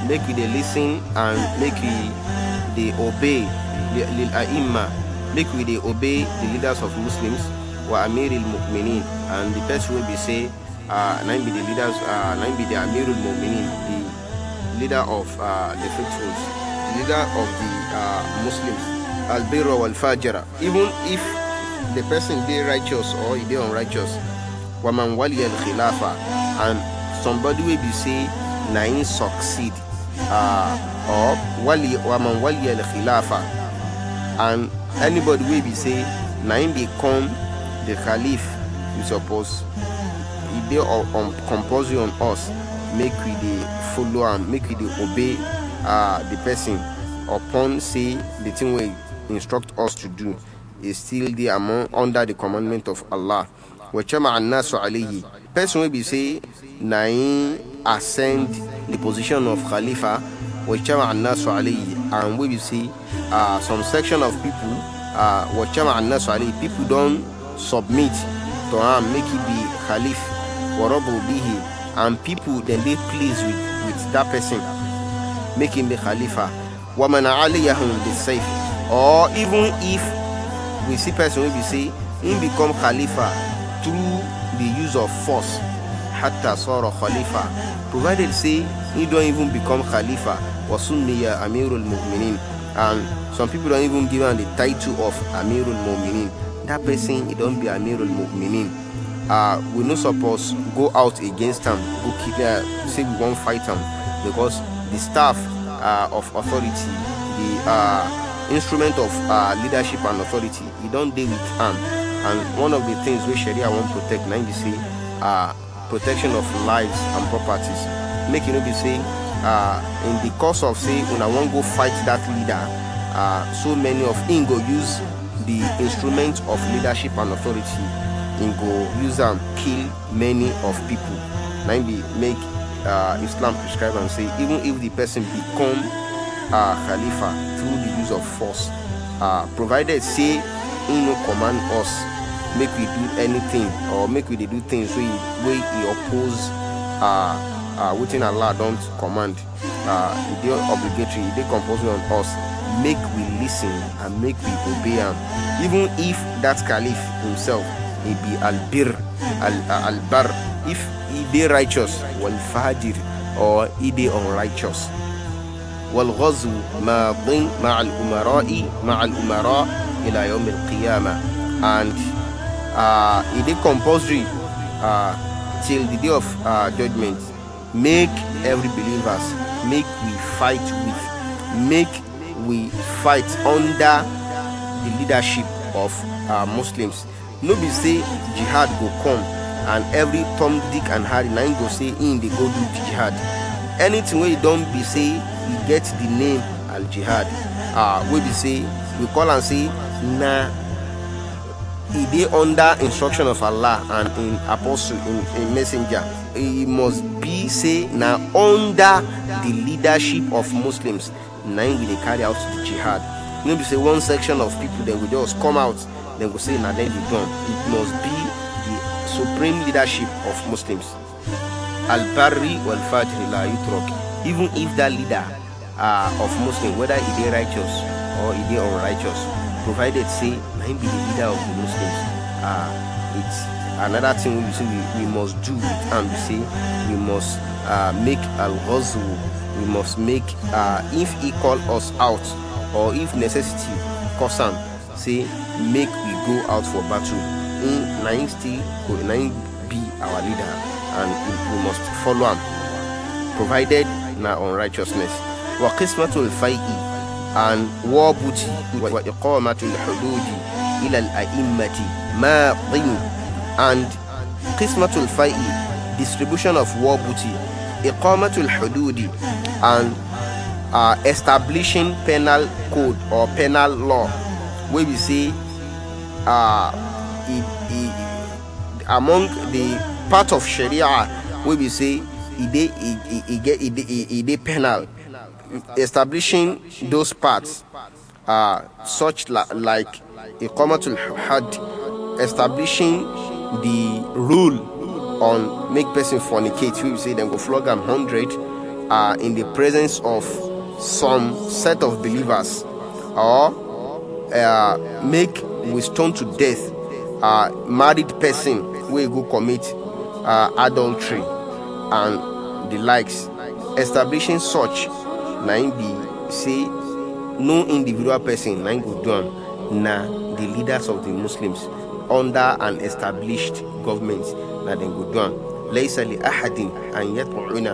make we listen and make we dey obey the aima make we dey obey the leaders of muslims wa Amir al mu'minin and the best way be say uh, nine be the leaders uh, nine be the Amir al mu'minin the leader of uh, the faithfuls, leader of the uh, Muslims, al-birra al fajara Even if the person be righteous or he be unrighteous, waman wali al-khilafa, and somebody will be say, nine succeed, uh, or wali waman wali al-khilafa, and anybody will be say, nine become the caliph. You suppose he be on, composing on us make we dey follow am make we dey obey uh, the person upon say the thing wey instruct us to do is still dey among under the commandment of allah wachama annasu alayhi person wey be say na him ascend the position of khalifa wachama annasu alayhi and wey be say uh, some section of people uh, wachama alayhi people don submit to am make he be khalif warabu bihi and people then they pleased with, with that person, make him the Khalifa. Woman aliyahum is safe. Or even if we see person we say "He become Khalifa through the use of force, hatta sort of Khalifa. Provided say he don't even become Khalifa, wasunniya Amirul Mu'minin. And some people don't even give him the title of Amirul Mu'minin. That person he don't be Amirul Mu'minin. uh, we no suppose go out against them. go kill uh, say we won't fight them because the staff uh, of authority the uh, instrument of uh, leadership and authority don't deal with them. and one of the things we sharia not protect na im say uh, protection of lives and properties make e no be say uh, in the course of say won't go fight that leader uh, so many of Ingo use the instrument of leadership and authority im go use am kill many of people na im be make uh, islam prescribe am say even if the person become uh, khalifa through the use of force uh, provided say he no command us make we do anything or make we dey do things wey wey e oppose uh, uh, wetin allah don command uh, e dey obligatory e dey compulsory on us make we lis ten and make we obey am even if that caliph himself he be al al if he be righteous, wal-fajir, or he be unrighteous. والغزو ماض مع ma'al مع ila إلى al القيامة and uh, it is compulsory uh, till the day of uh, judgment make every believers make we fight with make we fight under the leadership of uh, Muslims no be say jihad go come and every tom dick and harry na go say in dey go do jihad anything wey do don be say e get the name al jihad ah wey be say we call am say na e dey under instruction of allah and im apostle im messenger e must be say na under the leadership of muslims na im we dey carry out the jihad no be say one section of people dem go just come out They will say, now nah, then you done. It must be the supreme leadership of Muslims. Al-Barri wal-Fajri la yutrok. Even if that leader uh, of Muslim, whether he is righteous or he is unrighteous, provided say, may be the leader of the Muslims. Uh, it's another thing we, say we, we must do it and we say we must uh, make al-ghazw we must make uh, if he call us out or if necessity cause am say make we go out for battle na him mm, still na him be our leader and we must follow am provided na unrightiousness wa qismatul fai'i and war booty wa iqamatul hududi ila al-a'immati ma'din and qismatul fai'i distribution of war booty iqamatul hududi and uh, establishing penal code or penal law where we see uh, it, it, among the part of Sharia where we say it they it, it, it, penal establishing those parts uh, such la, like iqamatul had establishing the rule on make person fornicate we say then go flog them 100 uh, in the presence of some set of believers or uh, make we stone to death uh, married person who go commit uh, adultery and the likes establishing such na be say no individual person na go do na the leaders of the muslims under an established government na dem go do am laisa li ahadin an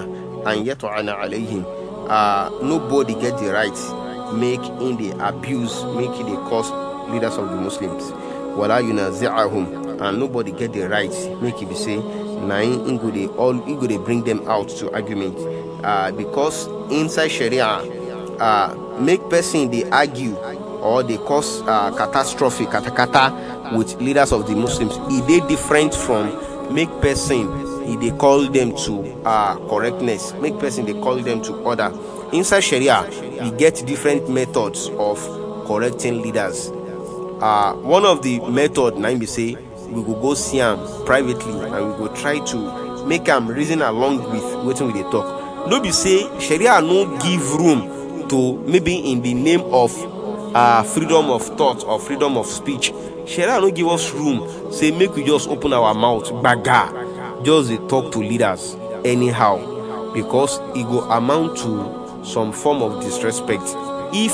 and yet yatu'ana alayhim uh, nobody get the rights make in the abuse, make in the cause leaders of the Muslims. Wala yunazi'ahum and nobody get the right, make it be say, nine ingo all ingo bring them out to argument. Uh, because inside Sharia, uh, make person they argue or they cause uh, catastrophe, katakata with leaders of the Muslims. Is they different from make person they call them to uh, correctness, make person they call them to order. Inside Sharia, we get different methods of correcting leaders. Uh, one of the method na be say we go go see am privately and we go try to make am reason along with wetin we dey talk. No be say Sharia no give room to maybe in the name of uh, freedom of thought or freedom of speech. Sharia no give us room say make we just open our mouth gbaga just dey talk to leaders anyhow because e go amount to some form of disrespect if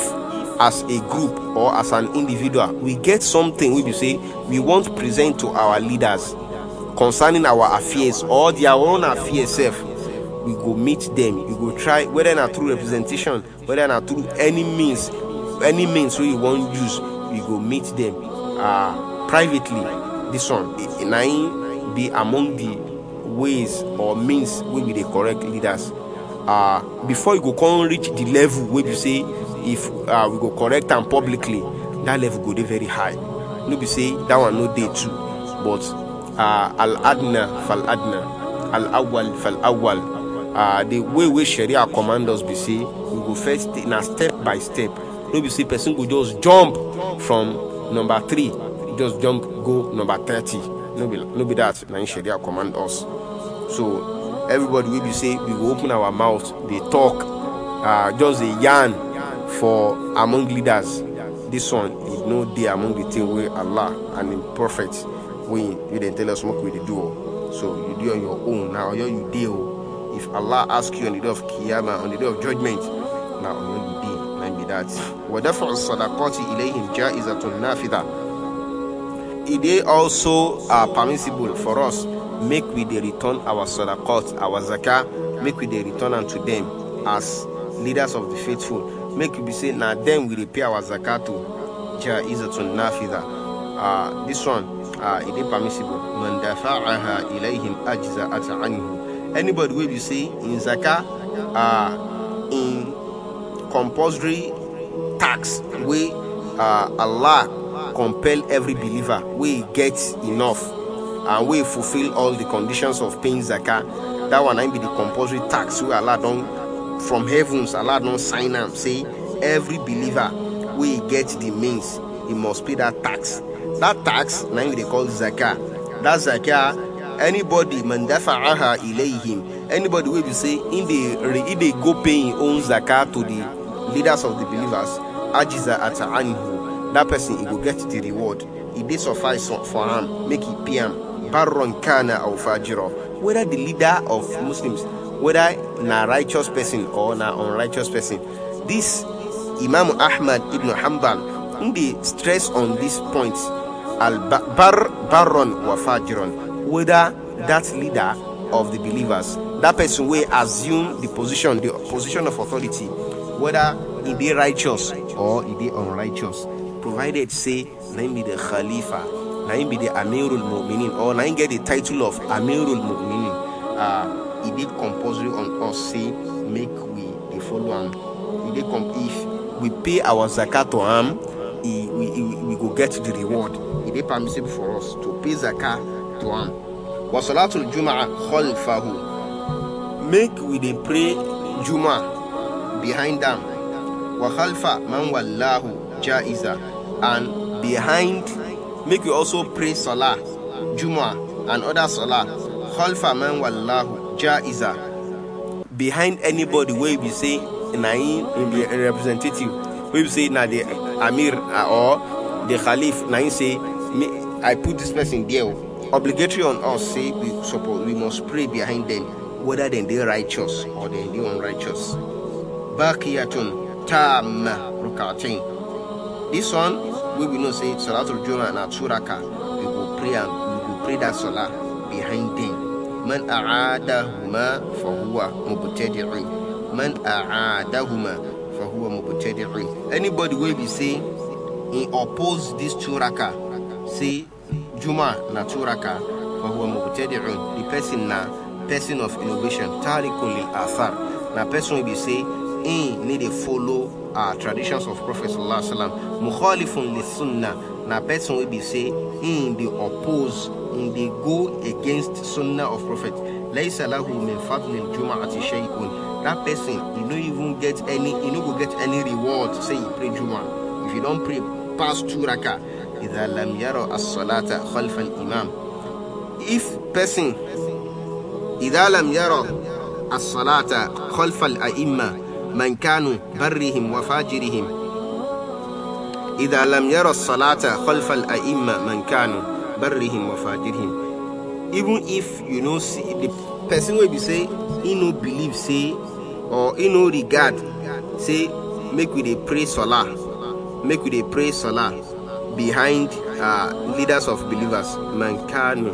as a group or as an individual we get something we be say we want present to our leaders concerning our affairs or their own affairs sef we go meet them We go try whether na through representation whether na through any means any means wey you wan use we go meet them uh, privately this one na im be among the ways or means wey be the correct leaders uh, before you go come reach the level wey be say if uh, we go correct am publicly that level go dey very high no be say that one no dey too but uh, al adna fal adna al awal fal awal uh, the way wey sharia command us be say we go first na step by step no be say person go just jump from number three just jump go number thirty no be no be that na im sharia command us so everybody will be say we will open our mouth they talk uh, just a yarn for among leaders this one is no day among the thing where allah and the prophets when you didn't tell us what we do oh. so you do on your own now you, deal oh. if allah ask you on the day of qiyamah on the day of judgment now on day, deal that ودفع الصدقات إليهم جائزة nafida. it is also uh, permissible for us make we the return our sadaqat our zakah make we the return unto them as leaders of the faithful make we say now, them we pay our zakah to jaizatun nafida uh, this one uh, it is permissible man dafa'aha ilayhim ajza'at anhu anybody will be say in zakah uh, in compulsory tax we uh, Allah compel every believer We get enough and we fulfill all the conditions of paying zakah. That one I be the compulsory tax we allow don't from heavens allow don't sign up say every believer we get the means he must pay that tax. That tax now they call zakah. That zakah anybody mandafa'aha him anybody will be say in the in the go paying own zakah to the leaders of the believers ajiza at anhu that person he go get the reward. It did suffice for him, make it pay him barron kana or fajiro, whether the leader of Muslims, whether na righteous person or na unrighteous person. This Imam Ahmad ibn Hanbal, the stress on this points. al bar barron wa whether that leader of the believers, that person will assume the position, the position of authority, whether he be righteous or he be unrighteous, provided say, namely the Khalifa Na be the Amirul Mu'minin or Naim get the title of Amirul Mu'minin. Uh, he did compulsory on us say make we the follow him. He did comp- if we pay our zakat to him, he, we, he, we go get the reward. He did permissible for us to pay zakat to him. Wasalatul Jum'a khalfahu. Make we the pray Juma behind them. Wa khalfa man wallahu jaiza and behind make you also pray Salah, juma and other Salah. Khalfa man wallahu ja'iza. Behind anybody where we say a representative, where you say na the Amir ah, or the Khalif, Naim say, I put this person there. Obligatory on us say we support, we must pray behind them, whether they are righteous or they are unrighteous. Bakiyatun tam rukatin. This one We will not say salatul juma na two we will pray and we will pray that salah behind them man a'adahuma fa huwa mubtadi'un man a'adahuma fa huwa mubtadi'un anybody will be saying he oppose this two raka say juma na two raka fa huwa mubtadi'un the person na person of innovation tarikul lil athar na person will be say he need to follow uh, traditions of Prophet Sallallahu Mukhalifun li sunnah. Na person will be say, in the oppose, in the go against sunnah of Prophet. Laysa lahu min fadlil juma'ati shay'un. That person, you no even get any, you no go get any reward, say you pray Juma. If you don't pray past two raka, yara as يرى الصلاة al-imam. if person yara as يرى الصلاة al-aimma. من كانوا برهم وفاجرهم إذا لم يرى الصلاة خلف الأئمة من كانوا برهم وفاجرهم even if you know see the person will be say he no believe say or he no regard say make we dey pray salah make we dey pray salah behind uh, leaders of believers man mankano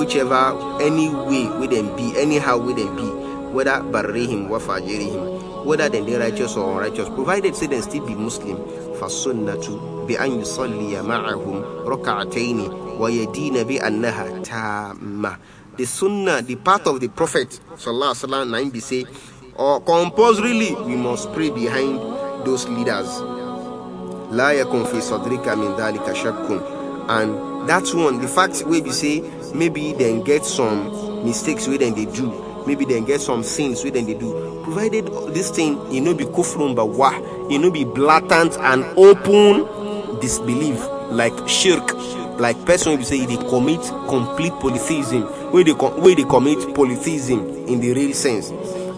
whichever any way wey dem be anyhow wey dem be whether barrehim or fajirihim whether then they're righteous or unrighteous, provided say they still be Muslim. فَالسُنَّةُ بِأَنْ يُصَلِّيَ مَعَهُمْ رَكَعَتَيْنِ وَيَدِينَ بِأَنَّهَا تَامَّةٌ The sunnah, the path of the Prophet, sallallahu alaihi wasallam, be say, or compulsorily, we must pray behind those leaders. لا يكن في صدرك من ذلك and that's one the fact where be say maybe then get some mistakes where then they do maybe they get some sins wey dem do provided this thing you know, be kufrun wah, you know, be blatant and open disbelief like shirk like person wey say they commit complete polytheism Where they where they commit polytheism in the real sense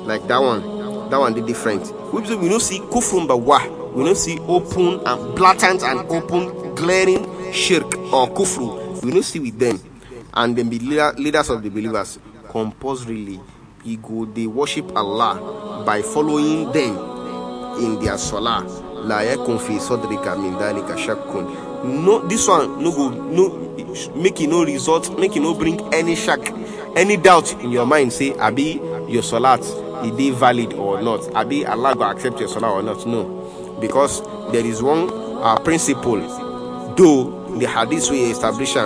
like that one that one the different We be we no see kufrun wah. we no see open and blatant and open glaring shirk or kufru we no see with them and the leaders of the believers compulsorily he go they worship Allah by following them in their salah. La yakun sodrika mindani kashakun. No, this one no go no make no result, make no bring any shak, any doubt in your mind. Say, Abi, your salat is it valid or not? Abi, Allah go accept your salah or not? No, because there is one uh, principle. Though the hadith we establish, you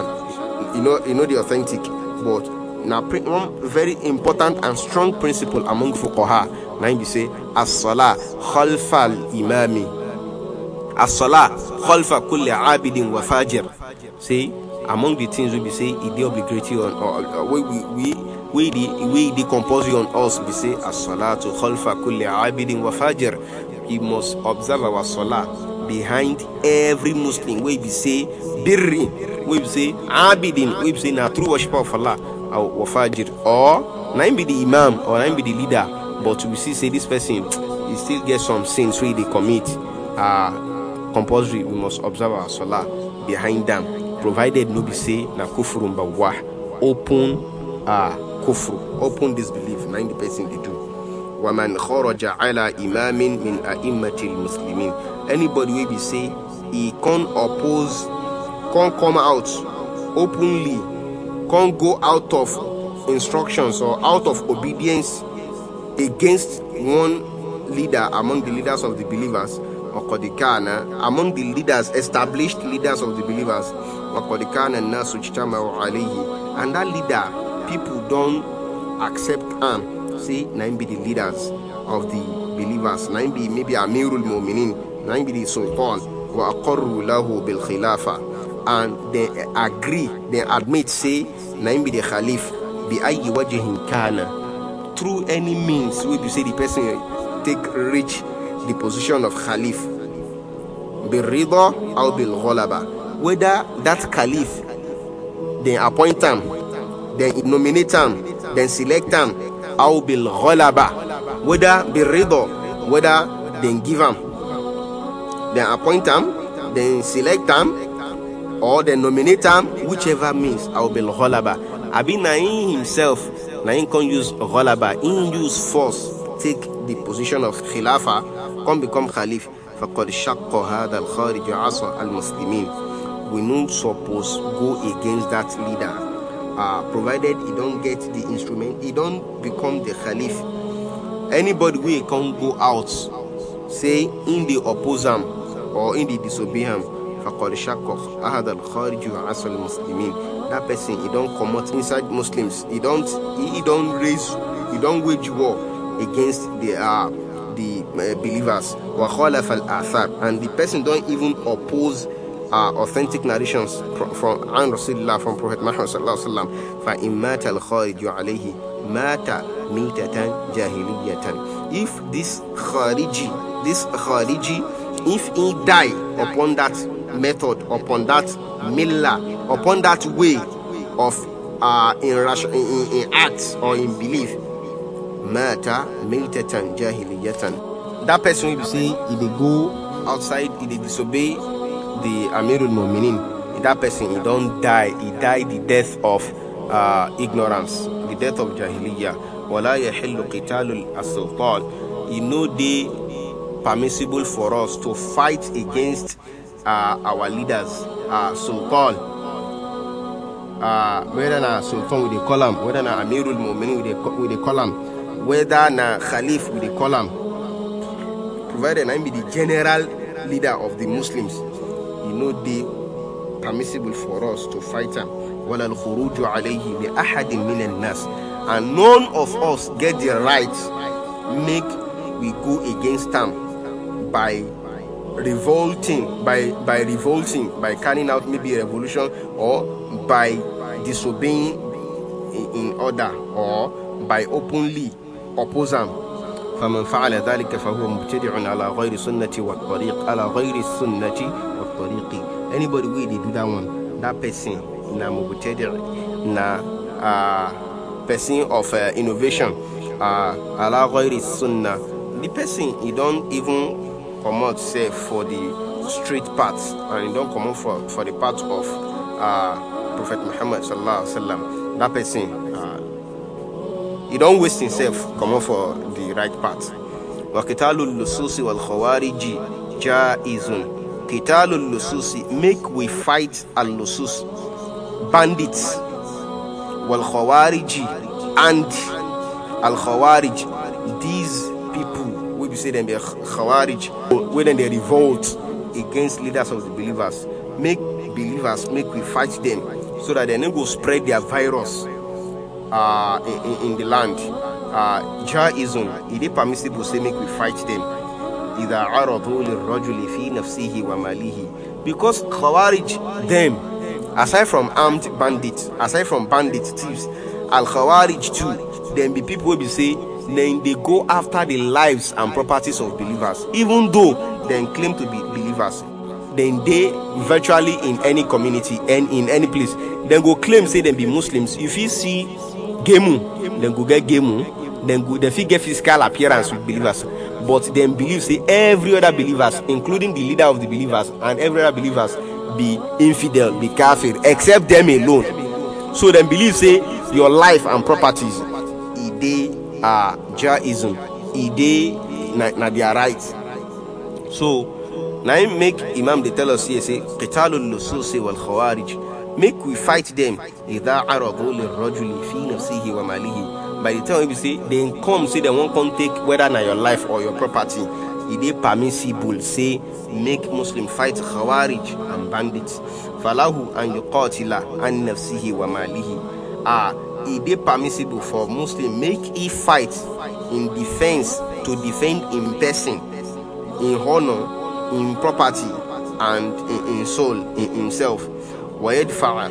know, you know the authentic, but now, one very important and strong principle among fuqaha, now you say, as-salah khalfa al-imami. As-salah khalfa kulli abidin wa fajir. See, among the things we say, it be obligatory on, or, or, we, we, we, the, we the on us, we say, as to khalfa kulli abidin wa fajir. We must observe our salah behind every Muslim. We be say birri, we be say abidin, we be say na true worship of Allah or fajr or be the imam or na be the leader but we see say this person he still gets some sins where they commit uh, compulsory we must observe our salah behind them provided no be say na kufru mbawah open uh, kufru open disbelief na the person they do waman kharaja ala imamin min a'immatil muslimin anybody will be say can't oppose can't come out openly can't go out of instructions or out of obedience against one leader among the leaders of the believers among the leaders established leaders of the believers and that leader people don't accept him see nine be the leaders of the believers nine be maybe Amirul Mu'minin nine be the Sultan وأقروا له بالخلافة and they agree, they admit, say, Naim the Khalif, be ayi wajihin kana. Through any means, we you say the person take reach the position of Khalif. Be Rida or be Ghalaba. Whether that Khalif, they appoint him, they nominate him, they select him, or Bil Ghalaba. Whether be Rida, whether they give him, they appoint him, they select him, or the nominator, whichever means, I'll be ghalaba. Abi Nain himself, Nain can use ghalaba, in use force, take the position of khilafa, can become Khalif. فقد شق هذا الخارج عصا المسلمين we not suppose go against that leader uh, provided he don't get the instrument he don't become the khalif anybody we can go out say in the oppose him or in the disobey him فقد شقق أحد الخارج عصر المسلمين that person he don't commit inside Muslims he don't he don't raise he don't wage war against the uh, the uh, believers وخالف الآثار and the person don't even oppose uh, authentic narrations from, from عن رسول الله from Prophet Muhammad صلى الله عليه وسلم فإن مات الخارج عليه مات ميتة جاهلية if this خارجي this خارجي if he die upon that method, upon that millah, upon that way of uh, in, ration, in, in, acts or in belief. Mata miltatan jahiliyatan. That person you see, he they go outside, he they disobey the Amirul Mu'minin. That person, he don't die. He died the death of uh, ignorance, the death of Jahiliyyah. Wala yahillu qitalul as-sultan. You know the permissible for us to fight against uh, our leaders, uh, Sultan. Uh, whether na Sultan with the column, whether na Amirul Mu'minin with the, with the column, whether na Khalif with the column, provided I be the general leader of the Muslims, you know the permissible for us to fight him. ولا الخروج عليه لأحد من الناس and none of us get the right make we go against them by revolting by by revolting by carrying out maybe a revolution or by disobeying in, in order or by openly opposing. them فمن فعل ذلك فهو مبتدع على غير سنة والطريق على غير السنة والطريق anybody wey dey do that one that person na mubtadi na uh, person of uh, innovation uh, على غير السنة the person he don't even Come out sef for the straight path and don't come comot for for the path of uh, prophet muhammad sallallahu alaihi wasallam that person uh, don't waste himself Come out for the right path وقتال اللصوص والخوارج جائز قتال اللصوص make we fight lusus bandits khawariji and al-khawarij these say them, they're Khawarij, when they revolt against leaders of the believers, make believers, make we fight them so that they no go spread their virus uh, in, in, the land. Uh, Jaism, it is permissible say make we fight them. إذا عرضوا للرجل في نفسه وماله because Khawarij them aside from armed bandits aside from bandit thieves Al Khawarij too them be people will be say then they go after the lives and properties of believers, even though they claim to be believers. Then they virtually in any community and in any place, then go claim say they be Muslims. If you see gemu, then go get gemu, then go then get physical appearance with believers. But then believe say every other believers, including the leader of the believers and every other believers, be infidel, be kafir, except them alone. So then believe say your life and properties, they uh, ah, Jaism, Ide na, na their right. So, na him make Imam dey tell us here say, Qitalul Lususi wal Khawarij, make we fight them. Idha aradu lirrajuli fi nafsihi wa malihi. By the time we say, they come say they won't come take whether na your life or your property. Ide permissible say make Muslim fight Khawarij and bandits. Falahu an yuqatila an nafsihi wa malihi. Ah, uh, It dey permissible for muslim make e fight in defence to defend in person in honour in property and in soul in himself wayedfa'a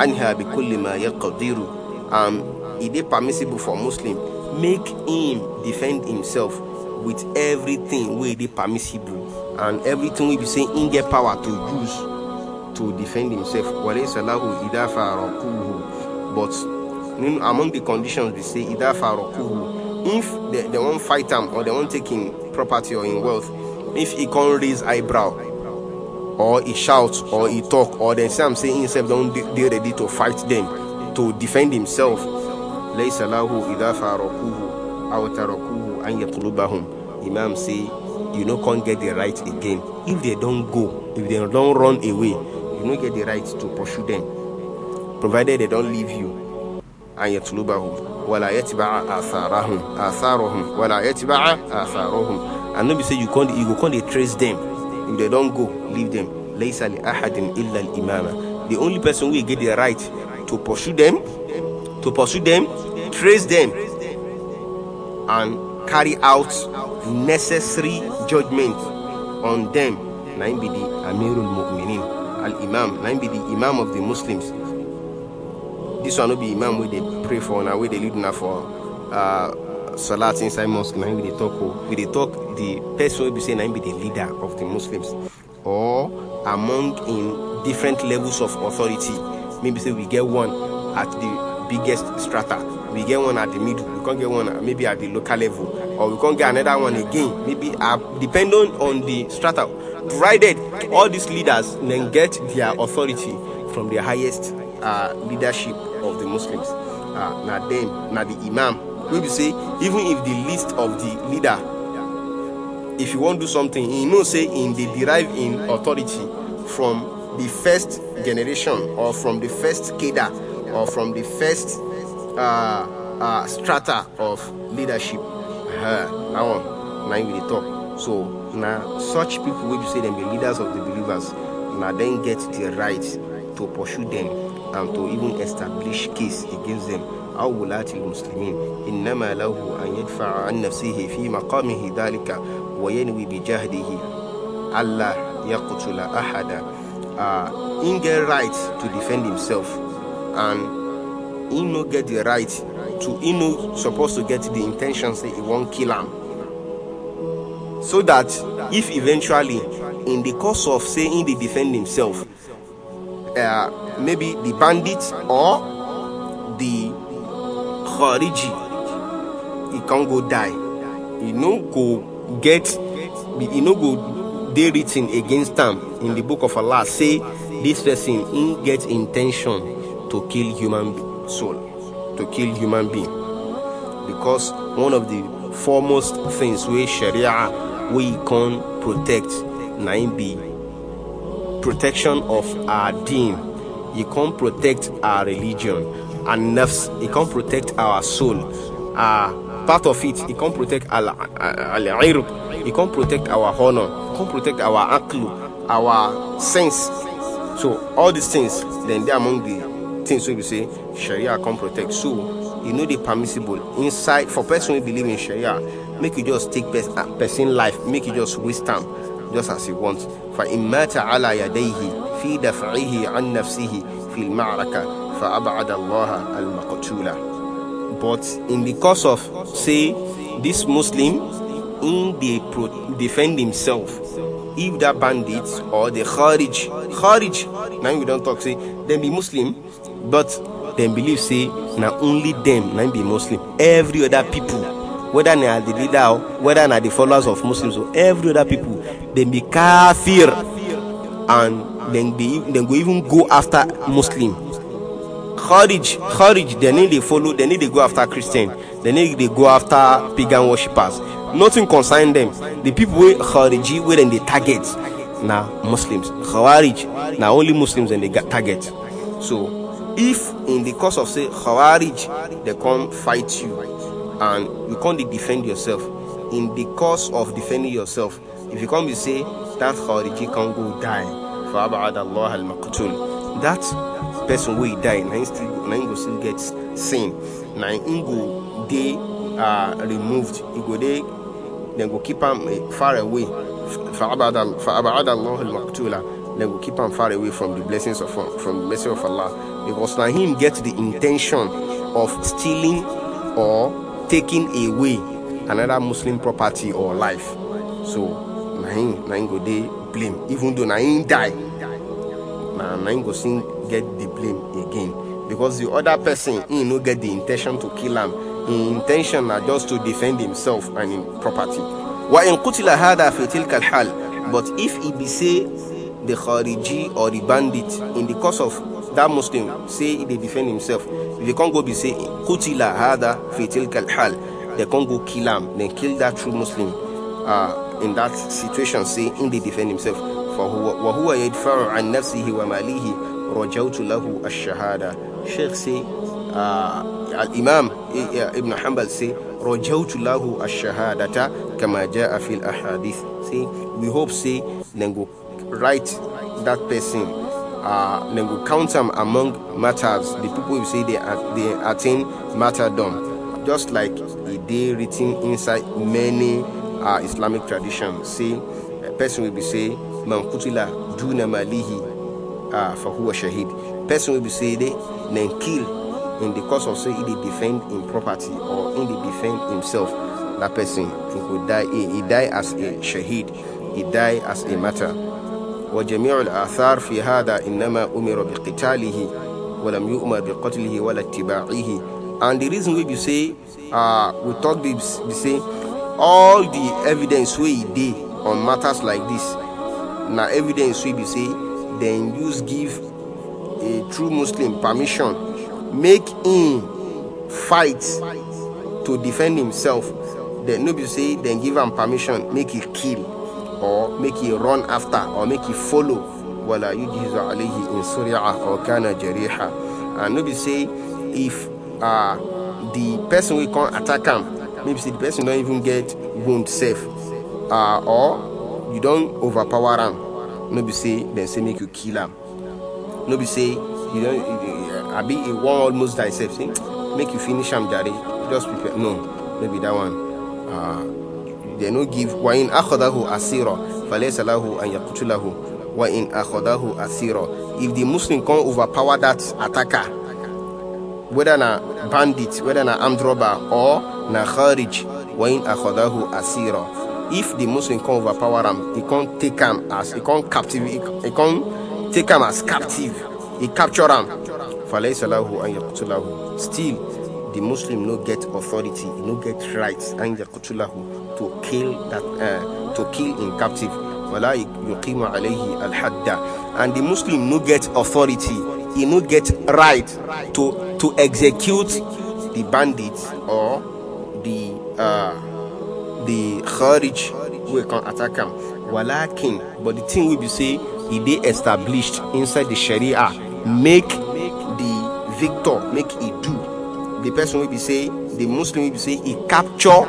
anha bikulli ma yaqdiru and e dey permissible for muslim make him defend himself with everything wey dey permissible and everything wey be say him get power to use to defend himself walaysa lahu idha but among the conditions we say either farokuhu if they, they won't fight them or they won't take in property or in wealth if he can't raise eyebrow or he shouts or he talk or they say i'm saying himself don't they ready to fight them to defend himself ليس له إذا فارقوه أو تركوه Imam say you no can't get the right again if they don't go if they don't run away you no get the right to pursue them provided they don't leave you أن يطلبه ولا يتبع آثارهم آثارهم ولا يتبع آثارهم you can't you can't trace them if they don't go leave them ليس لأحد إلا الإمام the only person who get the right to pursue them to pursue them trace them and carry out necessary judgment on them na Imam of the Muslims This one will be imam where they pray for now, where they lead now for uh, Salat inside mosque, now we they talk, we oh. they talk the person will be saying, I'm be the leader of the Muslims or among in different levels of authority. Maybe say we get one at the biggest strata, we get one at the middle, we can't get one maybe at the local level, or we can't get another one again. Maybe uh, depending on the strata, provided all these leaders then get their authority from the highest uh, leadership of the muslims ah na dem na the imam we be say even if the list of the leader if you to do something you know say in the derive in authority from the first generation or from the first keda or from the first uh, uh, strata of leadership uh, na im talk so na such people wey be say them be leaders of the believers na then get the right to pursue them and to even establish case against them أو ولاة المسلمين إنما له أن يدفع عن نفسه في مقامه ذلك وينوي بجهده ألا يقتل أحدا uh, in get right to defend himself and he no get the right to he no supposed to get the intention say he won't kill him so that if eventually in the course of saying he defend himself uh, maybe the bandits or the Khariji, he can't go die. He no go get, he no go they written against them in the book of Allah. Say this person in get intention to kill human soul, to kill human being, because one of the foremost things where Sharia we can protect, nine be protection of our deen He can't protect our religion, and nerves. He can't protect our soul, our ah, part of it. He can't protect our al He can't protect our honor. He can't protect our aklu, our sense. So all these things, then they among the things we say Sharia can't protect. So you know the permissible inside for person who believe in Sharia. Make you just take uh, person life. Make you just waste time, just as you want. For imata ala yadayhi في دفعه عن نفسه في المعركة فأبعد الله المقتول but in the course of say this Muslim in the pro- defend himself if that bandit or the Kharij Kharij now we don't talk say then be Muslim but then believe say now only them now be Muslim every other people whether they are the leader or whether they are the followers of Muslims or every other people they be kafir and then they, then go even go after Muslim. Kharij, Kharij, they need they follow, they need they go after Christian, they need they go after pagan worshippers. Nothing concern them. The people where Khariji where then they target now Muslims. Khawarij now only Muslims and they get target. So if in the course of say Khawarij they come fight you and you can't defend yourself, in the course of defending yourself, if you come to say that Khariji can go die, فأبعد الله المقتول that person will die na him still na him go still get sin na him go dey uh, removed he go dey dem go keep am eh, far away فأبعد فأبعد الله المقتول then we keep them far away from the blessings of from the mercy of Allah. Because now him get the intention of stealing or taking away another Muslim property or life. So now him, now him go dey blame, even though na him die. Na na him go get the blame again because the other person he no get the intention to kill him. His intention are just to defend himself and his property. Why in Kutila hada fi tilka But if he be say the khariji or the bandit in the cause of that Muslim say he defend himself. If they can't go be say Kutila hada fi kalhal. They can't go kill him. Then kill that true Muslim. Uh, in that situation say in the defend himself for who, huwa yadfa'u an nafsihi wa malihi rajawtu lahu ash-shahada sheikh say uh, al-imam eh, eh, ibn hanbal say rajawtu lahu ash-shahadata kama jaa fi al-ahadith say we hope say nengo write that person uh, then among matters. The people you say they are, they attain martyrdom, just like a day written inside many our Islamic tradition say, a person will be say, Man kutila duna malihi uh, ah, fahuwa shahid. Person will be say, they then kill in the course of say he defend in property or in the defend himself. That person he could die. He, he die as a shahid. He die as a martyr. وجميع الآثار في هذا إنما أمر بقتاله ولم يؤمر بقتله ولا اتباعه and the reason we be say uh, we talk be, be say all the evidence wey did on matters like this. Now evidence wey be say then use give a true muslim permission make him fight to defend himself Then nobody say then give him permission make him kill or make him run after or make him follow wala yujizu alayhi in suri'a or kana jariha and nobody say if uh, the person wey come attack him. maybe say the person don't even get wound safe uh, or you don't overpower am no be say they say make you kill am no be say you don't. I be a one almost die safe say make you finish am jare just prepare no Maybe that one uh, dem no give wa in akhadahu asira falaysa lahu an yaqtulahu wa in akhadahu asira if the muslim come overpower that attacker whether na bandit, whether na armed robber or na kharij, when akhadahu asira. If the Muslim can overpower him, he can't take him as he can't captive, he can't take him as captive. He capture him. فَلَيْسَ لَهُ أَنْ يَقْتُلَهُ Still, the Muslim no get authority, no get rights, and يَقْتُلَهُ to kill that, uh, to kill in captive. And the Muslim no get authority, he no get right to to execute the bandits or the uh, the Kharij wey come attack am walakin but the thing we be say he dey established inside the sharia make the victor make e do the person wey be say the muslim wey be say he capture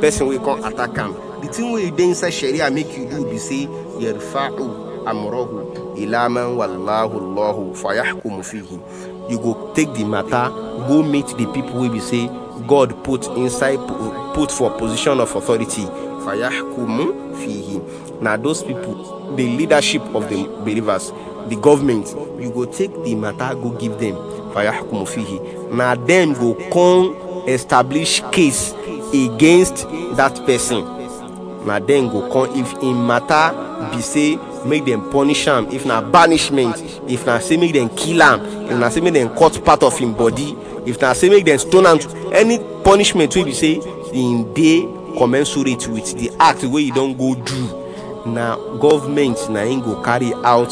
person we come attack him. the thing wey do inside sharia make you do be say yarfa'u amrahu ila man wallahu allahu fayahkumu fihi you go take the matter go meet the people wey be say god put inside put for position of authority fayahkumu fihi na those people the leadership of the believers the government you go take the matter go give them fayahkumu fihi na them go come establish case against that person na them go come if in matter be say make them punish am if na banishment if na say make them kill am if na say make them cut part of im body if na say make them stone am any punishment wey be say im dey commensurate with the act wey you don go do na government na im go carry out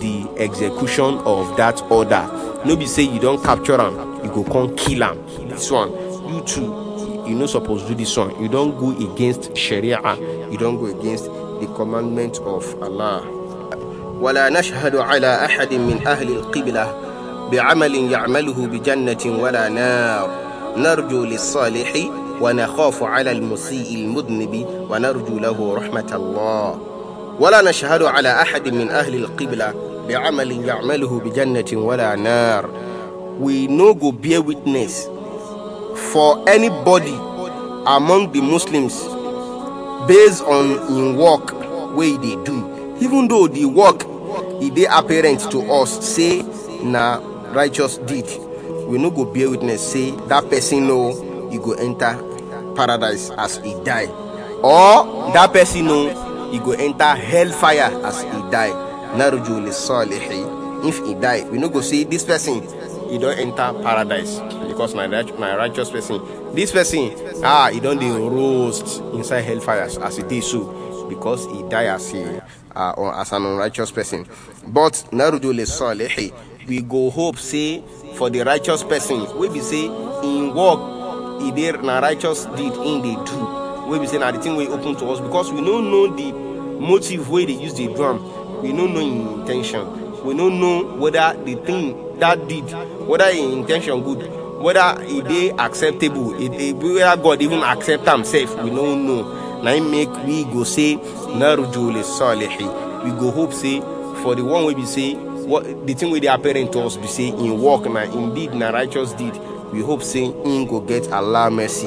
the execution of that order no be say you don capture am you go come kill am this one you too you no suppose do this one you don go against sharia you don go against the commandment of Allah. ولا نشهد على أحد من أهل القبلة بعمل يعمله بجنة ولا نار نرجو للصالح ونخاف على المسيء المذنب ونرجو له رحمة الله ولا نشهد على أحد من أهل القبلة بعمل يعمله بجنة ولا نار we no go bear witness for anybody among the Muslims based on in work wey e dey do even though the work e dey apparent to us say na righteous deed we no go bear witness say that person no e go enter paradise as e die or that person no e go enter hell fire as e die naruju lisalihi if e die we no go say this person He don't enter paradise because my right, my righteous person this person ah he don dey roast inside hell as, as e dey so because he die as a uh, or as an unrighteous person but narudu le salihi we go hope say for the righteous person wey be say im work e dey na righteous deed im dey do wey be say na the thing wey open to us because we no know the motive wey dey use the drum. we no know im in ten tion we don't know whether the thing that did whether his intention good whether e dey acceptable e dey whether god even accept himself we no know na him make we go say narju le salihi we go hope say for the one wey be say what the thing wey dey apparent to us be say him work na indeed na righteous deed we hope say him go get allah mercy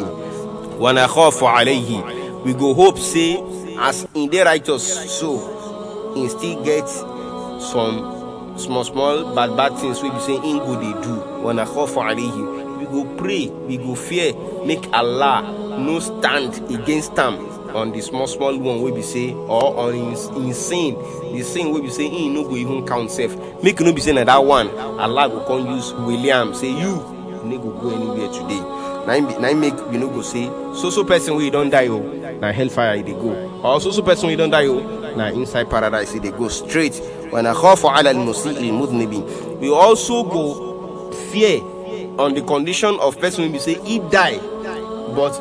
wana for alayhi we go hope say as him dey righteous so him still get some small small bad bad things wey be say him go dey do wana khofu alayhi we go pray we go fear make allah no stand against am on the small small one wey be say or on him sin the sin wey be say him no go even count sef make e no be say na that one allah go come use william say you you no go go anywhere today na him na him make you no go say so so person wey e don die o na hellfire e dey go or so so person wey e don die o na inside paradise e dey go straight ونخاف على المسيء المذنبين we also go fear on the condition of person We say he die but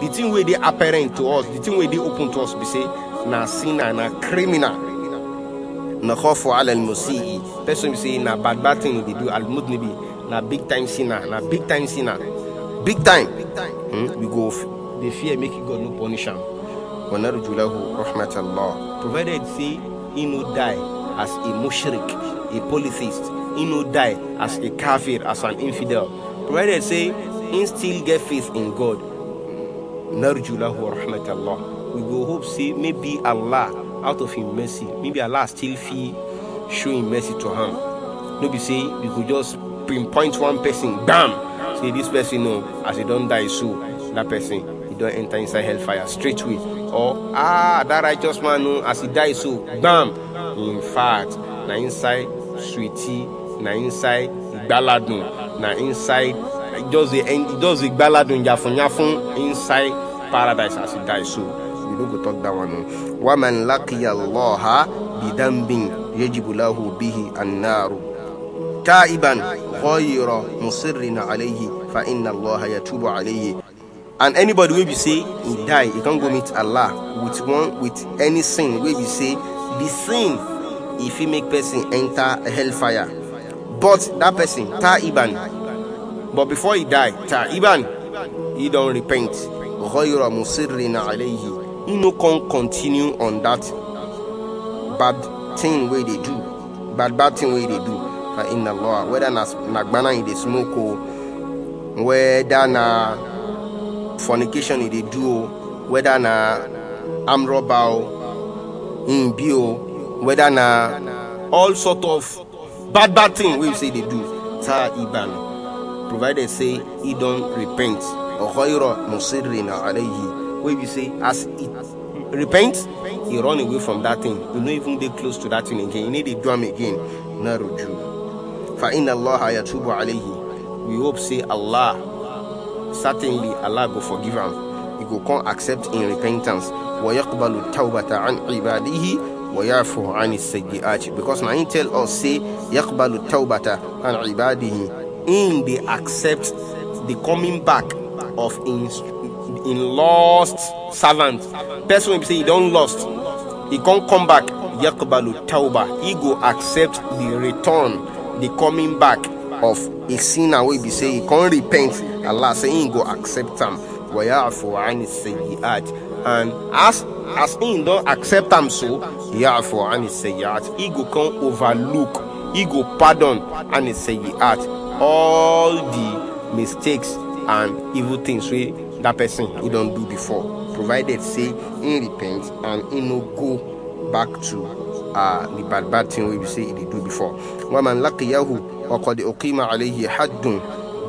the thing wey dey apparent to us the thing wey dey open to us be say na sinner na criminal nakhafu ala almusii person be say na bad bad thing he dey do almudnibi na big time sinner na big time sinner big time hmm? we go dey fear make god no punish am wa narjulahu provided say he no die as a mushrik, a polytheist. He no die as a kafir, as an infidel. Provided say, he still get faith in God. نرجو له We go hope say maybe Allah out of His mercy, maybe Allah still feel showing mercy to him. Nobody say we could just pinpoint one person, bam, say this person no, as he don't die so, that person he don't enter inside hellfire straight away or ah that righteous man no as he die so gbam in fact na inside sweetie na inside igbaladun na inside just dey just dey igbaladun yafunyafun inside paradise as he die so we no go talk that one o waman lakiya allaha bidambin yajibu lahu bihi annaaru taiban ghayra musirrin alayhi fa inna allaha yatubu alayhi and anybody will be say he die he can't go meet allah with one with any sin Will be say the sin if he make person enter hellfire but that person ta iban. but before he die ta iban, he don't repent he no can continue on that bad thing wey they do bad bad thing wey they do In the law, whether na nagbana gbana he dey smoke or whether na fornication e dey do o whether na arm robber o im be o whether na all sort of bad bad thing wey you say dey do Ta iban e provided say e don repent ọkọyọrọ musiri na alayhi wey be say as e repent e run away from that thing e no even dey close to that thing again e no dey do am again na roju fa inna allah yatubu alayhi we hope say allah certainly Allah go forgive him. He go come accept in repentance. وَيَقْبَلُ التَّوْبَةَ عَنْ عِبَادِهِ anis عَنِ السَّيِّئَاتِ Because now he tell us, say, يَقْبَلُ التَّوْبَةَ عَنْ عِبَادِهِ In they accept the coming back of in, in lost servant. Person will say he don't lost. He can't come back. يَقْبَلُ التَّوْبَةَ He go accept the return, the coming back of a sinner will be say he can't repent Allah saying go accept them. وَيَعْفُ عَنِ السَّيِّئَاتِ And as as in don't accept them, so, for any say He go can overlook, he go pardon عَنِ السَّيِّئَاتِ All the mistakes and evil things we that person he not do before provided say he repent and he no go back to uh, the bad bad thing we say he do before. وَمَنْ لَقِيَهُ وَقَدْ أُقِيمَ عَلَيْهِ حَدٌّ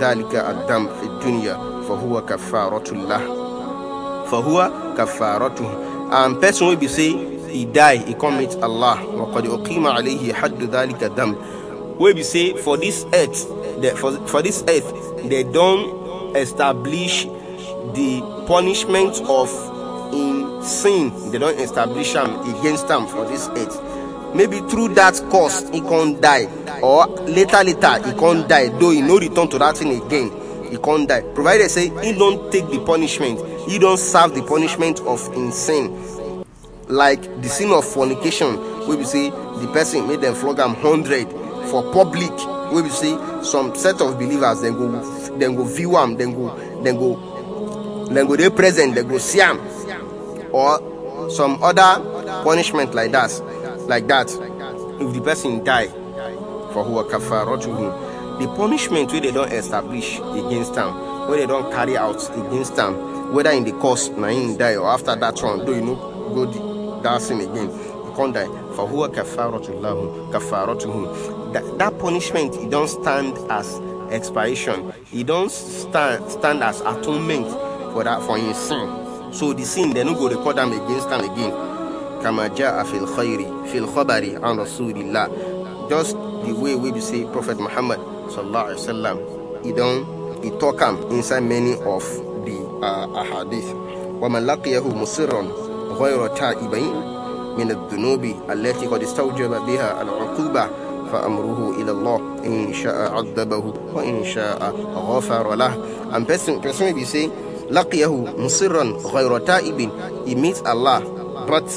ذلك الدم في الدنيا فهو كفارة الله فهو كفارته and person will be say he die he commit Allah وقد أقيم عليه حد ذلك الدم will be say for this earth the, for, for this earth they don't establish the punishment of in sin they don't establish them against them for this earth maybe through that cause he can't die or later later he can't die though he no return to that thing again he can't die provided say he don't take the punishment he don't serve the punishment of insane, like the sin of fornication We be say the person made them flog him hundred for public We be say some set of believers then go then go view him then go then go then go they present dem go see or some other punishment like that like that if the person die for who kafara to him the punishment where they don't establish against him, where they don't carry out against him, whether in the course na him die or after that one do, you no go that sin again can't die for who kafara to lahu kafara to him that, that punishment don't stand as expiation don't stand stand as atonement for that for his sin so the sin they no go record them against him again جاء في الخير في الخبر عن رسول الله just the way we say prophet muhammad الله عليه وسلم he don't he talk him inside many of the uh, ahadith wa man laqiyahu musirran ghayra ta'ibain min ad-dunubi allati qad istawjaba فأمره إلى الله إن شاء عذبه وإن شاء غفر له and person person will be saying لقيه مصرا غير تائب he meets Allah but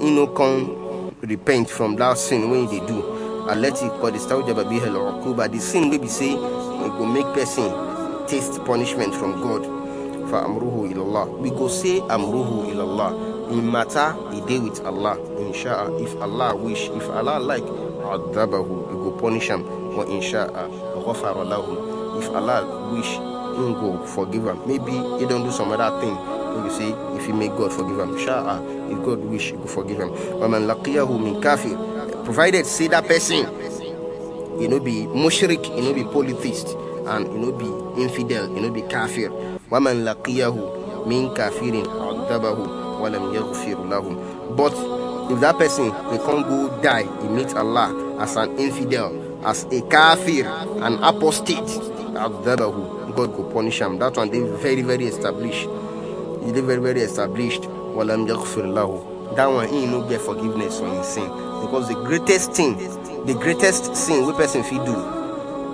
you know come repent from that sin when they do I let stawja babi hɛl ɔkuba the sin will be say we go make person taste punishment from god For amruhu ilallah we go say amruhu ilallah in matter he deal with allah Insha'Allah. if allah wish if allah like adabahu He go punish him. wa insha'Allah, if allah wish He go forgive him. maybe he don't do some other thing You see, say if he make god forgive him. Insha'Allah. if God wish, He could forgive him. But man, لَقِيَهُ min كَافِرٍ Provided, say that person, you know, be mushrik, you know, be polytheist, and you know, be infidel, you know, be kafir. Wa man وَمَنْ لَقِيَهُ مِنْ كَافِرٍ wa lam يَغْفِرْ lahum. But if that person, they can't go die, he meets Allah as an infidel, as a kafir, an apostate, عَذَّبَهُ God could punish him. That one, they very, very established. They very, very established walam yaghfir lahu. That one, he no get forgiveness for his sin. Because the greatest thing, the greatest sin we person fit do,